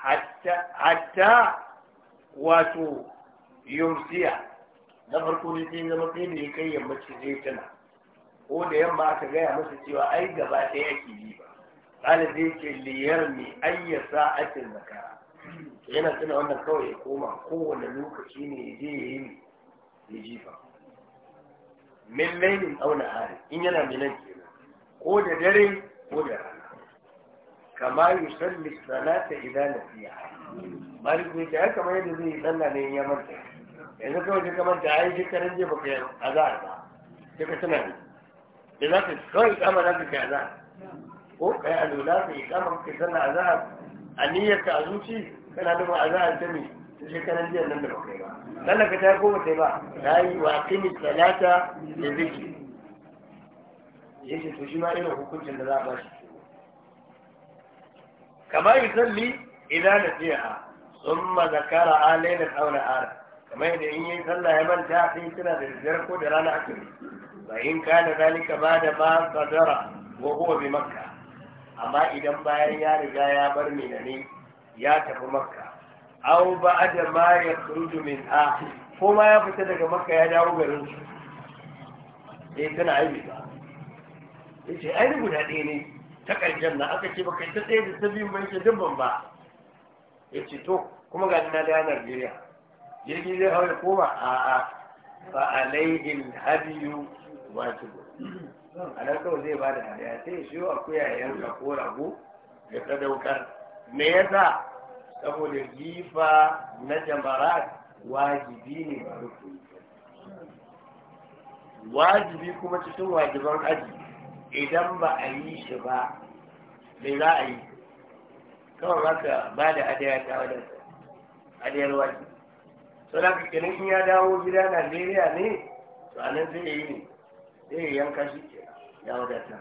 hatta wato yomsiya na farko ne sai zama kai ne kai yammacin zai tana ko da yamma aka gaya masa cewa ai gaba ɗaya ake yi ba ƙala zai ce liyar mai ayya sa'atin zakara yana tuna wannan kawai ya koma kowane lokaci ne ya je ya yi ya jifa min lailin auna hari in yana minan kenan ko da dare ko da rana kama yi salli salata idan nasiya malik ne ya kama yadda zai yi sallah ne ya manta yanzu kawai ka manta ai shekaran jefa baka yi azhar ba sai ka tuna ne da za ka kawai kama za ka gaza ko kai a lura ka yi kama ka sana a za a niyyar ka a zuci kana nufin a za a jami ta shekaran jiya nan da ba kai ba sannan ka ta koma sai ba ta yi wa da ziki yake to shi ma irin hukuncin da za a ba shi yi salli idan ah, da fiya ثم ذكر ليلة أو ya كما إذا إن da ziyar ko da rana ودرانا أكل bayin kana zalika ba da ba sadara wa huwa bi makka amma idan bayan ya riga ya bar mina ne ya tafi makka aw ba da ma ya khruju min a. ko ma ya fita daga makka ya dawo garin su sai tana aibi ba ce ai guda ɗaya ne ta ƙarshen na aka ce baka ta tsaye da ta biyu ban ce dubban ba yace to kuma ga na da Najeriya jirgin zai haure koma a'a a alaihin hadiyu wajibu anan kawai zai ba da hadaya sai ya shiyo akuya yanka ko rago da sadaukar me yasa saboda jifa na jamarat wajibi ne ba rukuni wajibi kuma cikin wajiban aji idan ba a yi shi ba me za a yi kawai haka ba da hadaya ta wadata hadayar wajibi sau da kenan in ya dawo gida najeriya ne to anan zai yi ne sai yanka shi ke ya wadata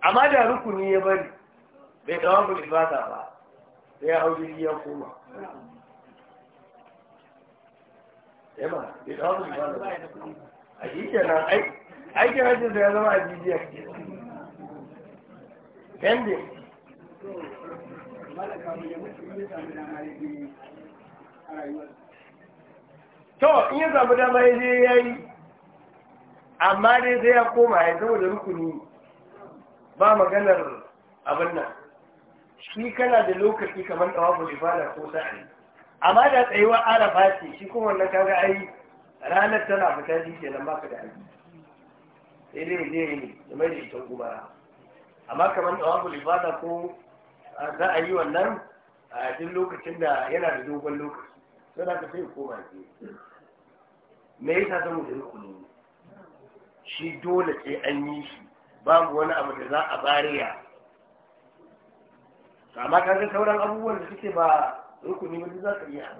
amma da rukuni ya bari bai tsawon bu ibada ba sai ya hau ya koma yamma eh bai tsawon bu ibada ba a shi ke nan aikin hajjinsa ya zama a jijiyar pending to in ya samu dama ya je ya yi amma dai sai ya koma ya zama da rukuni ba maganar abin nan shi kana da lokaci kamar ɗawa ko ibada ko sa'ani amma da tsayuwar arafa ce shi kuma wannan kaga ai ranar tana fita shi ke nan baka da aiki sai dai ne ne da mai da ita gumara amma kamar ɗawa ko ibada ko za a yi wannan a duk lokacin da yana da dogon lokaci sai da ka sai koma ke me yasa da rukuni shi dole sai an yi shi babu wani abu da za a bariya amma kaga sauran abubuwan da suke ba rukuni ba za ka iya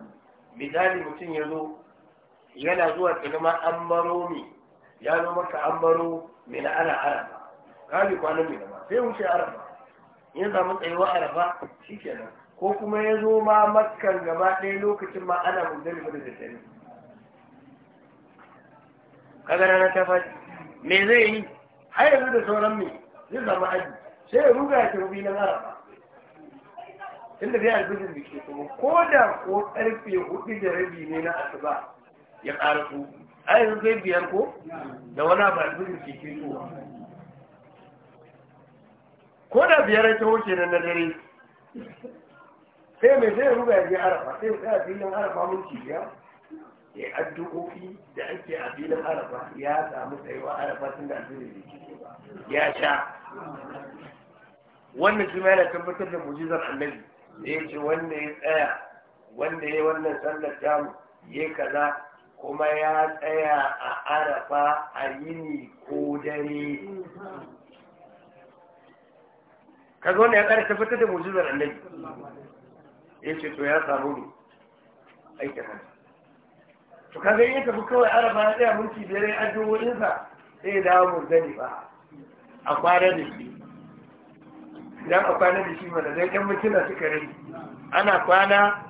misali mutum ya zo yana zuwa tsinima an baro mi ya zo maka an baro mai na ana araba kawai kwanan mai na sai wuce araba in samu tsayuwa araba shi kenan ko kuma ya zo ma makkan gaba ɗaya lokacin ma ana muzdalifa da daddare kaga rana ta faɗi me zai yi har yanzu da sauran me zai zama aji sai ya ruga ya tafi na arafa inda zai alfijir da ke kuma ko da ko karfe hudu da rabi ne na asuba ya su a yanzu zai biyar ko da wani abu alfijir ke ke ko da biyar ya wuce na dare sai mai zai ruga ya je arafa sai ya tsaya filin arafa mun cibiya ya addu'o'i da ake a filin arafa ya samu tsayuwa arafa tun da alfini ne ya sha wannan shi ma yana tabbatar da mujizar annabi da ya ce wanda ya tsaya wanda ya wannan sallar jamu ya kaza kuma ya tsaya a arafa a yini ko dare kaga wannan ya kara tabbatar da mujizar annabi ya ce to ya samu ne aikin hajji to kaga in tafi kawai araba ya tsaya da biyar ya addu'o'insa sai ya dawo murdani ba a kwana da shi idan a kwana da shi mana zai ɗan mutuna suka rai ana kwana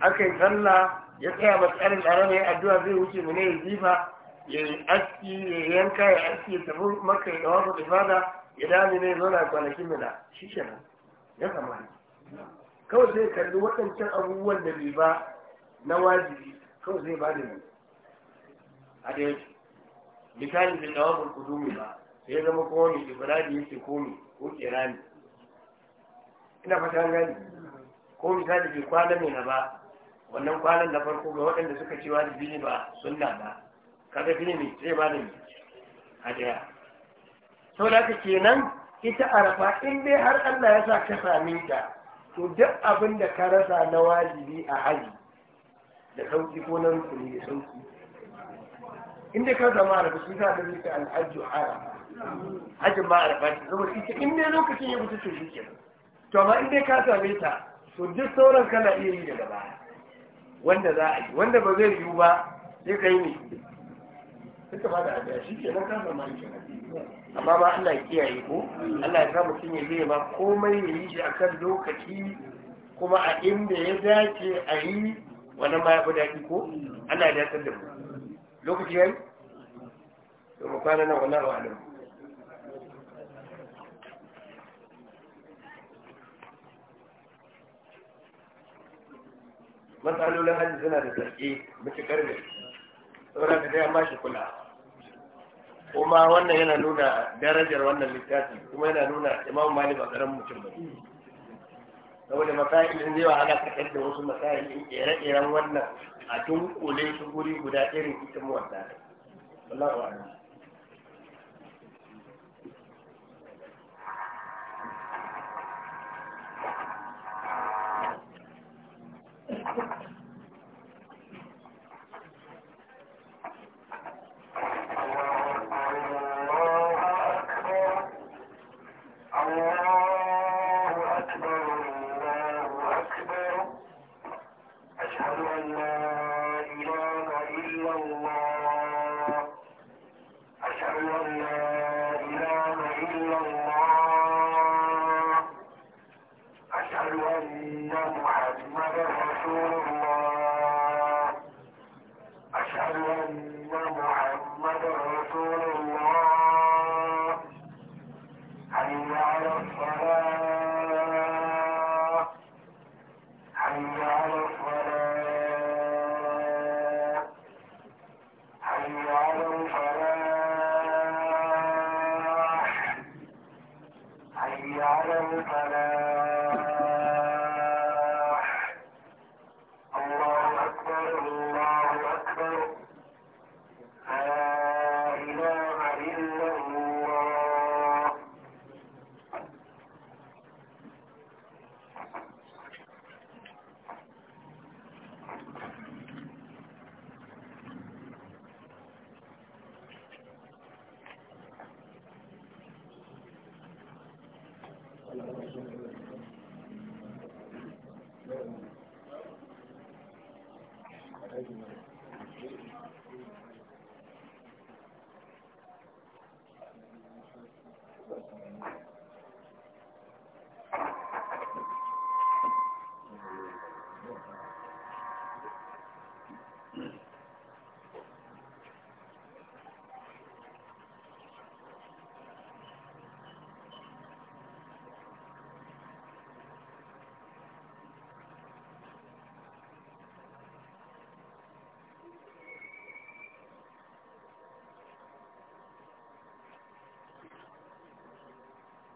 aka yi sallah ya tsaya matsalar araba ya addu'a zai wuce mu ne ya jifa ya yi aski ya yanka ya aski ya tafi maka ya dawo da fada ya dami ne zauna kwanakin mina shi kenan ya kamata kawai sai kalli waɗancan abubuwan da bai ba na wajibi kawai zai ba da mu a da yake misali da tsawon kudumi ba sai zama kowane ibrahim yake komi ko kirani ina fata gani ko misali bai kwana mai na ba wannan kwanan na farko ga waɗanda suka ce wajibi bini ba sunna ba kaga fi ne sai ba da mu a da sau da kenan ita arafa in dai har Allah ya sa ka sami ta to duk abin da ka rasa na wajibi a hajji da sauki ko na rukuni da sauki inda ka zama arafa shi za a ɗan rike al'ajju arafa hajjin ma arafa shi zama shi in dai lokacin ya fita to shi ke to amma in dai ka same ta to duk sauran kana iya yi daga baya wanda za a yi wanda ba zai yiwu ba sai ka yi ne suka ba da abiya shi ke nan ka zama yi amma ba Allah ya kiyaye ko Allah ya samu mutum ya zai ba komai ya yi shi akan lokaci kuma a inda ya dace a yi wannan ma ya fi daɗi ko Allah ya dace da mu lokaci yayi to mu kwana nan wallahi wa'alam matsalolin hajji suna da sarki mutukar da saboda da dai amma shi kula kuma wannan yana nuna darajar wannan littafi kuma yana nuna imamu malik a karamin mutum ba saboda masail idan zai wahala ka tattar wasu masail in ƙere-ƙeren wannan a tun kule su guri guda irin ita muwanda Allah wa'ala.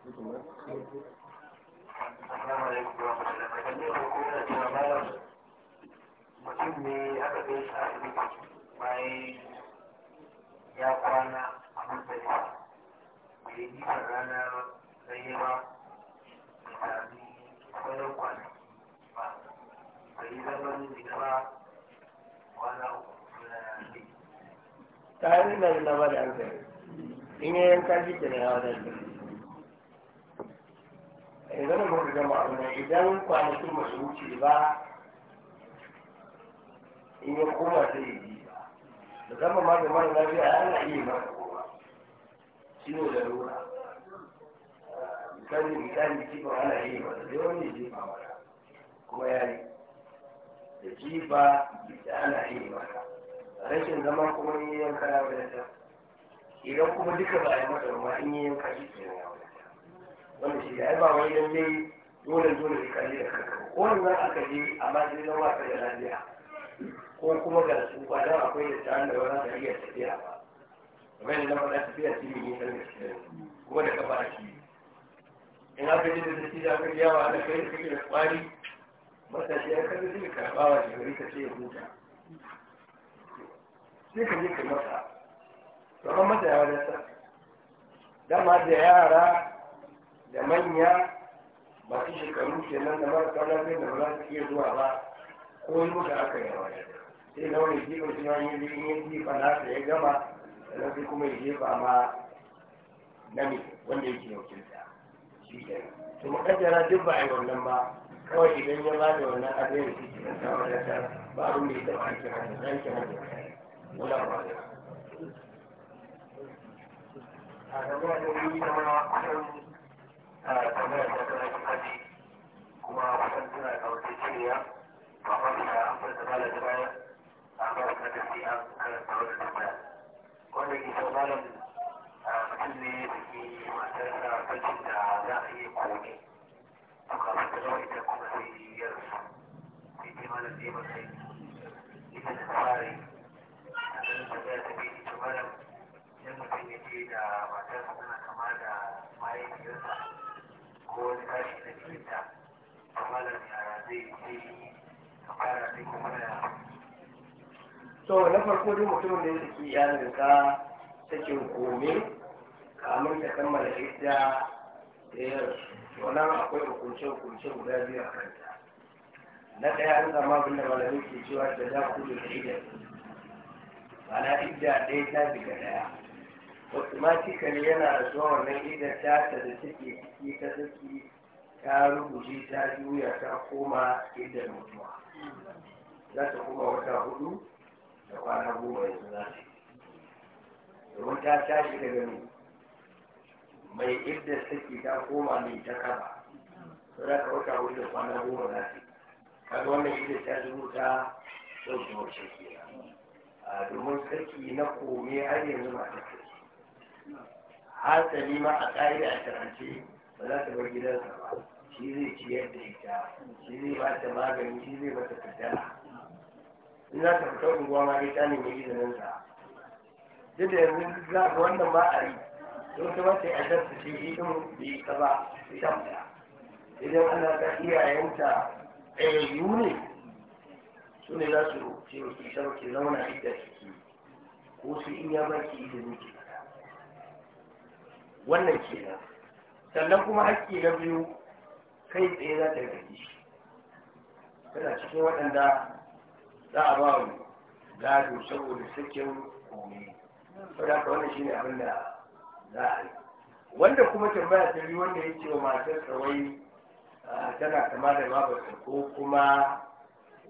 mutum ne aka ya kwana da da an in gane ba ku gama abu idan kwanakin ba su wuce ba in ya koma sai yi ba musamman ma da mara lafiya ana iya mara kowa shi ne da lura misali misali jifa ana yi ba da yawan ne jifa mara kuma ya yi da jifa da ana yi mara rashin zama kuma yi yanka ya wadata idan kuma duka ba a yi masa ruwa in yi yanka shi ke na wanda shi ai ba wani lalle dole dole ne kalli da kanka ko wannan aka je a bashi na wata da lafiya ko kuma ga su ba dan akwai da tsaron da wani da iya tafiya ba wani yadda na faɗa tafiya shi ne nisan da shi kuma da kafa shi in aka je da shi da aka yawa da kai da kake da kwari matashi ya kan zai wa shi gari ka ce ya huta sai ka je ka masa kamar masa ya wadata dama da yara da manya masu shekaru kenan da marasa lafiya da ba su iya zuwa ba ko yi da aka yi wani. sai na wani jiɓa shi wani yi yin na ta ya gama sannan sai kuma ya jefa ma nami wanda yake wakilta shi kenan to makaddara duk ba a yi wannan ba kawai idan ya ba da wannan adai shi ke nan ta wadatar ba abin da ya taɓa aikin da wani ki da wala ba da wani gaba da yi kama a kan tambaya ta kuma wasan tana kawace cewa ba ba ta amfani wanda malam mutum ne da ke matarsa da za a iya kone to kafin kuma sai malam da fari a ta mutum ya da matarsa kama da mahaifiyarsa ko wani kashi na kinta a malar yara zai ce a fara sai kuma da to na farko duk mutumin da ya saki yaron ka sakin kome kamun ta kammala idda da ya wannan akwai hukunce-hukunce guda biyu a kanta na ɗaya an zama abin da malamai ke cewa da za ku da idda ma'ana idda ɗaya ta bi ga ɗaya automatically yana zuwa wannan idan ta da take ciki ta saki ta rubuce ta juya ta koma idan mutuwa za ta koma wata hudu da kwana goma yanzu za ta domin ta tashi daga mai mai idda saki ta koma mai ta kaba to za ka wata hudu da kwana goma za ta kaga wannan idda ta zuwa ta ɗauki wacce ke domin saki na kome har yanzu masu ta kai hasali ma a ƙa'ida a karance ba za ta bar gidansa ba shi zai ciyar da ita shi zai ba ta magani shi zai ba ta kaddara in za ta fita unguwa ma ita ne mai izinin sa duk da yanzu za ga wannan ba a yi don ta mace a jarsa ce ita bai ta ba ita fita idan ana ga iyayenta ɗayayyu ne su ne za su ce ki zauna ita ciki ko su in ya baki izinin ki wannan kenan sannan kuma haƙƙi na biyu kai tsaye za ta gaji shi tana cikin waɗanda za a ba mu gado saboda sakin kome saboda haka wannan shi ne abin da za a yi wanda kuma tambaya ta biyu wanda ya ce wa matar tsawai tana kama da babarsa ko kuma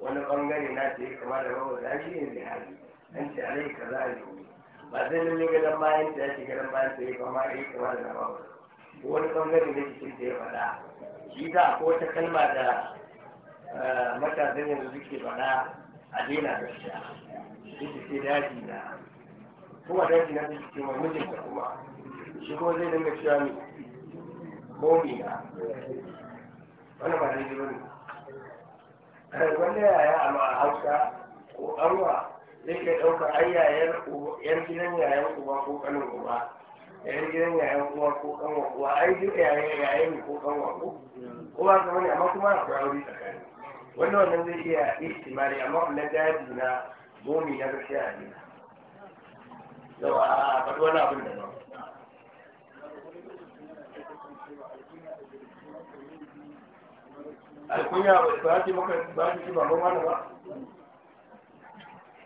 wani ɓangare na ta yi kama da babarsa shi ne da hali an ce ka za a yi ba sai lalle gadon bayan ta yake gadon bayan ta yi kama yi kama da nama ba ko wani bangare da cikin da ya faɗa shi ta a wata kalma da eh, matazan yanzu suke faɗa a daina da shi ita ce daji na kuma daji na suke ce mijin mijinta kuma shi ko zai dinga cewa ne momi na wani ba zai ba wani wanda yaya a hausa ko arwa yake ɗauka ai yayar gidan yayan uba ko kanin uba gidan yayan ko kanwa uwa ai duk yayan yayan ko kanwa ko uwa ka wani amma kuma akwai aure tsakani wannan wannan zai iya ihtimali amma na gadi na bomi na gaskiya a jina yawa a wani abin da ba alkunya ba su ce maka ba ta ce ba ba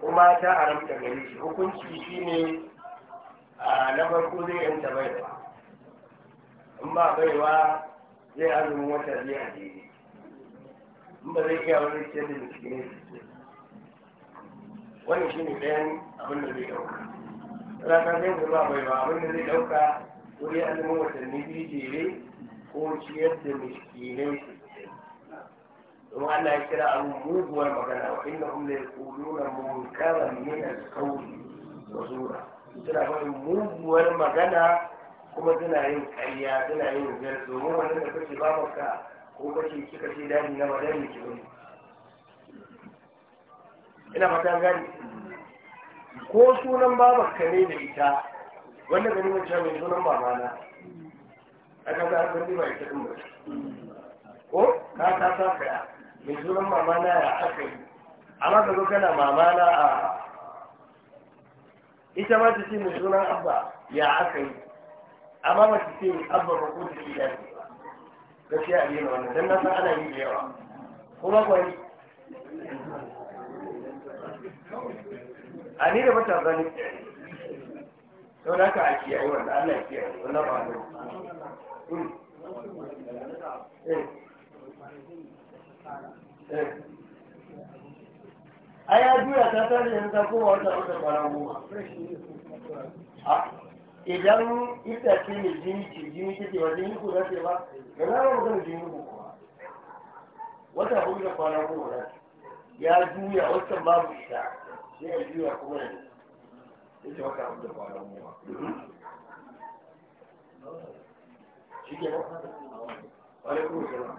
kuma ta haramta gare shi hukunci shi ne a na farko zai yanta baiwa in ba baiwa zai azumin wata biyu a in ba zai iya wani ce da Wani shi ne ɗayan abin da zai ɗauka rana zai bai baiwa abin da zai ɗauka wuri azumin watanni biyu jere ko ciyar da su ثم الله يكرا أبو موج والمغنى وإنهم ليقولون منكرا من القول وزورا سنا فهم موج والمغنى kuma suna yin ƙarya suna yin zai domin wannan da kake ba maka ko kake kika ce dadi na ba dadi ki bane ina fata gani ko sunan babarka ne da ita wannan gani mun cewa mai sunan babana aka ga an gani ba ita din ba ko ka ta sa kaya mai mamana ya aka yi amma ka zo kana mamana a ita ma ta ce mai sunan abba ya aka yi amma ba ta ce abba ba ko ta ce ya ce gaskiya a yi na wani don na san ana yi da yawa kuma kwai. a ni da mata zane sau da ka a kiyaye wanda allah ya kiyaye wannan ba a Eh. a ya juya ta tare yanzu ta kowa wata wata kwara goma idan ita ce mai jini ce jini ce ce ba jini ku za ce ba da za mu gani jini ku kuma wata hudu da kwana goma za ya juya wata babu ita sai ya juya kuma ne ita wata hudu da kwana goma shi ke ba? Wani kuma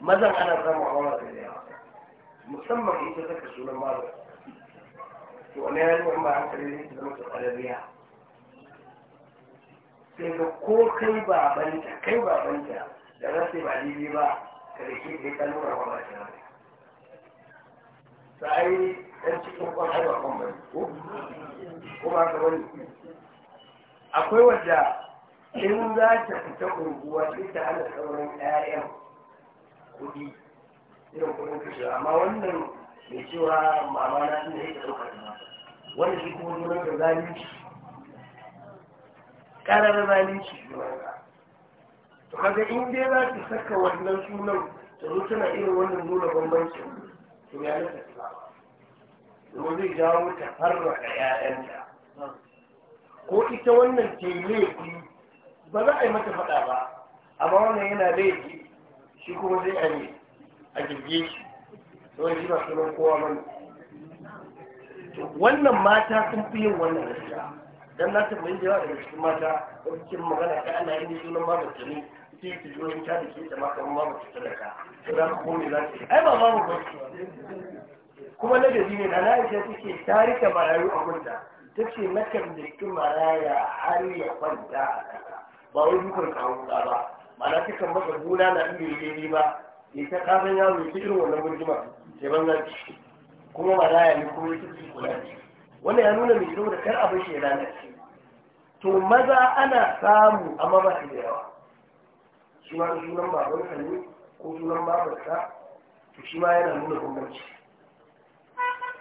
mazan ana samun awara da yawa musamman ita saka sunan mara to wani ya zuwa ba hankali ne zama ta ƙwararriya sai ga ko kai babanta kai babanta da rasu ba daidai ba ka da ke da kanu ba ba ta rai sai ɗan cikin kwan har kwan ba ko kuma ka wani akwai wadda in za ta fita unguwa ita ta hana sauran 'ya'yan kudi irin kuɗin kashe amma wannan mai cewa mama na tun da ya ɗauka da mata wanda shi kuma zuwa da zalunci ƙarar zalunci to kaga in dai za ki saka wannan sunan ta zo tana irin wannan nuna bambancin to ya nasa ta domin zai jawo ta farraka ‘ya'yanta ko ita wannan ke laifi ba za a yi mata faɗa ba amma wannan yana laifi shi kuma zai a ne a girge shi don shi ba sunan kowa mana wannan mata sun fi yin wannan gaskiya dan na tambayi da yawa daga cikin mata wani cikin magana ta ana yin sunan ma mace ne sai ki zo ta da ke ta ma kamar ma ta daga to za ku kome za ki ai ba ma mu ba kuma na gari ne na ta take tarika marayu a gunta na kan da maraya har ya kwanta a kasa ba wai dukan kawo ba ma'ana ta kan maka gona na inda ya daidai ba ya ta kasan yaro ya ci irin wannan gurgima sai ban zan kuma ba da ya ne kuma ya ci kula ne wannan ya nuna mai kyau da kar abin shi ya lalace to maza ana samu amma ba su da yawa shi ma sunan babansa ne ko sunan babarsa to shi ma yana nuna bambanci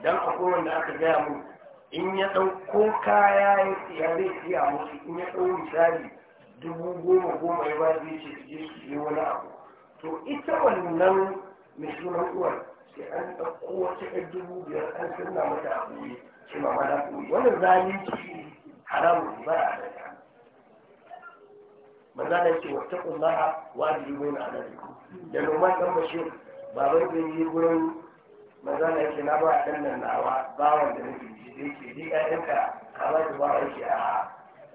dan akwai wanda aka gaya mu in ya ɗauko kaya ya zai siya musu in ya ɗau misali dubu goma goma ya ba zai ce je su je wani abu to ita wannan mai sunan uwar sai an ɗauko wata ɗan dubu biyar an sanna mata a ɓoye ce ma mana ɓoye wannan zalunci haramun ba a daga manza da ce wata kullaha wajibi bai na alaɗiku da noman ɗan bashir baban zai yi gurin manza da ce na ba a ɗan nan nawa bawan da nake ji da yake ji ɗayanka ka ba ki ba wa yake a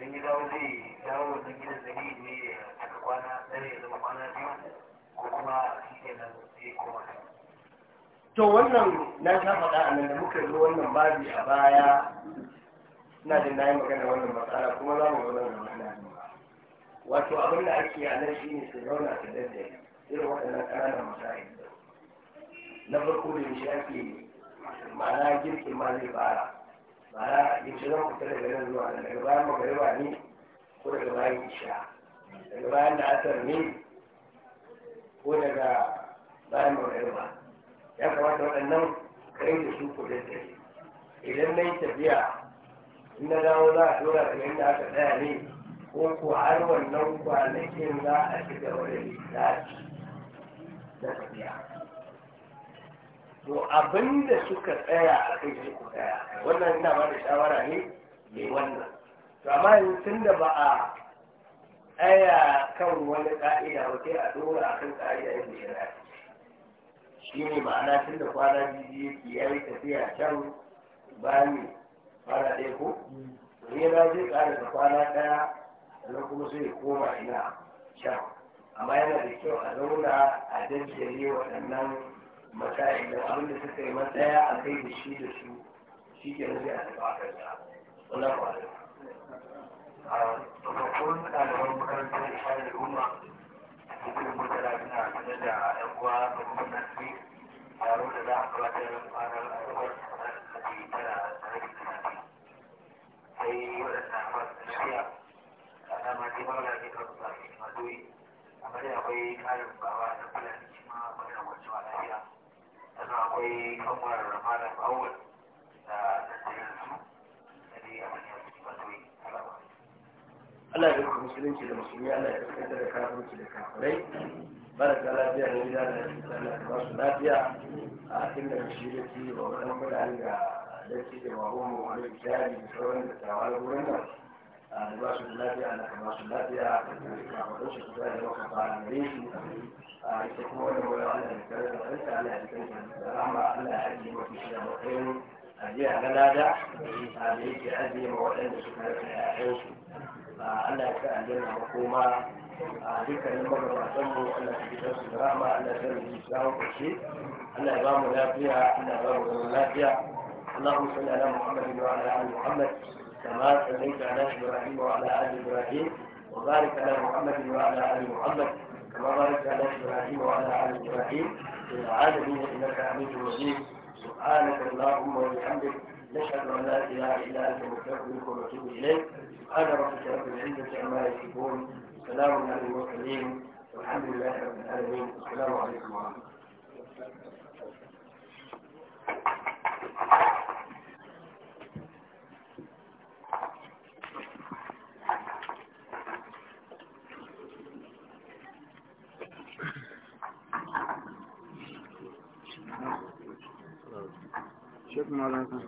idan yi dawo zai dawo wannan gidan zai ne ya kwana dare zama kwana biyu ko kuma shi ke nan zai koma to wannan na ta faɗa a nan da muka zo wannan babi a baya ina da na yi magana wannan matsala kuma za mu nan da wannan wato abin da ake a nan shine su zauna su daddare irin waɗannan ƙananan misali na farko da shi ake ma'ana girkin ma zai fara mara yaushe zan fita daga nan zuwa nan daga bayan magariba ne ko daga bayan isha daga bayan da asar ne ko daga bayan magariba ya kamata waɗannan kai da su kudin da idan na yi tafiya in na dawo za a dora daga inda aka tsaya ne ko ko har wannan kwanakin za a shiga wani lissafi na tafiya to abinda suka tsaya a kai shi ku tsaya wannan ina ba da shawara ne mai wannan to amma yanzu tun da ba a tsaya kan wani ƙa'ida ba sai a dora a kan da yadda shari'a shi ne ma'ana tun da kwana biyu yake ya yi tafiya can ba ni, kwana ɗaya ko ne na zai ƙara da kwana ɗaya sannan kuma sai ya koma ina can amma yana da kyau a zauna a daddare waɗannan mata'i da abin da suka yi matsaya a kai da shi da su shi ke nan sai a tafi a kansa wannan ba a tsofaffin ɗaliban makarantar ishari umma hukumar mutala suna sanar da yan uwa da kuma nasi taro da za a gabatar ranar asabar da ke tara tare da sati sai waɗanda masu tafiya a dama dai ba da ne kan sa ke madoyi amma dai akwai ƙarin bawa da kula da shi ma wani wacce wa lafiya sannan akwai kanwar da da da Allah ya kuma musulunci da musulmi Allah ya fuskanta da kafirci da kafirai lafiya da gida da Allah ya basu lafiya a inda shi da ke wa wani mutane da da ke da wa umu wani jari da sauran da tawa da wurin nan da ba shi lafiya da kama shi lafiya da kama shi kusa da maka ba a gare shi a ita kuma wani wani wani da kare da kare da Allah ya kai da rahama Allah ya ajiye mafi shi da matsayin ajiya na lada a da yake ajiye ma waɗanda suka rasa ƴaƴansu Allah ya kai aljanna makoma a dukkanin magabatanmu Allah ya fitar su da rahama Allah ya sani su samu ƙarshe Allah ya ba mu lafiya Allah ya ba mu zaman lafiya اللهم صل على محمد وعلى ال محمد كما صليت على إبراهيم وعلى آل إبراهيم وبارك على محمد وعلى آل محمد كما باركت على إبراهيم وعلى آل إبراهيم في العالمين إنك حميد مجيد سبحانك اللهم وبحمدك نشهد أن لا إله إلا أنت مستغفرك ونتوب إليك سبحان ربك رب العزة عما يصفون سلام على المرسلين والحمد لله رب العالمين السلام عليكم ورحمة الله ಮಾಡೋಣ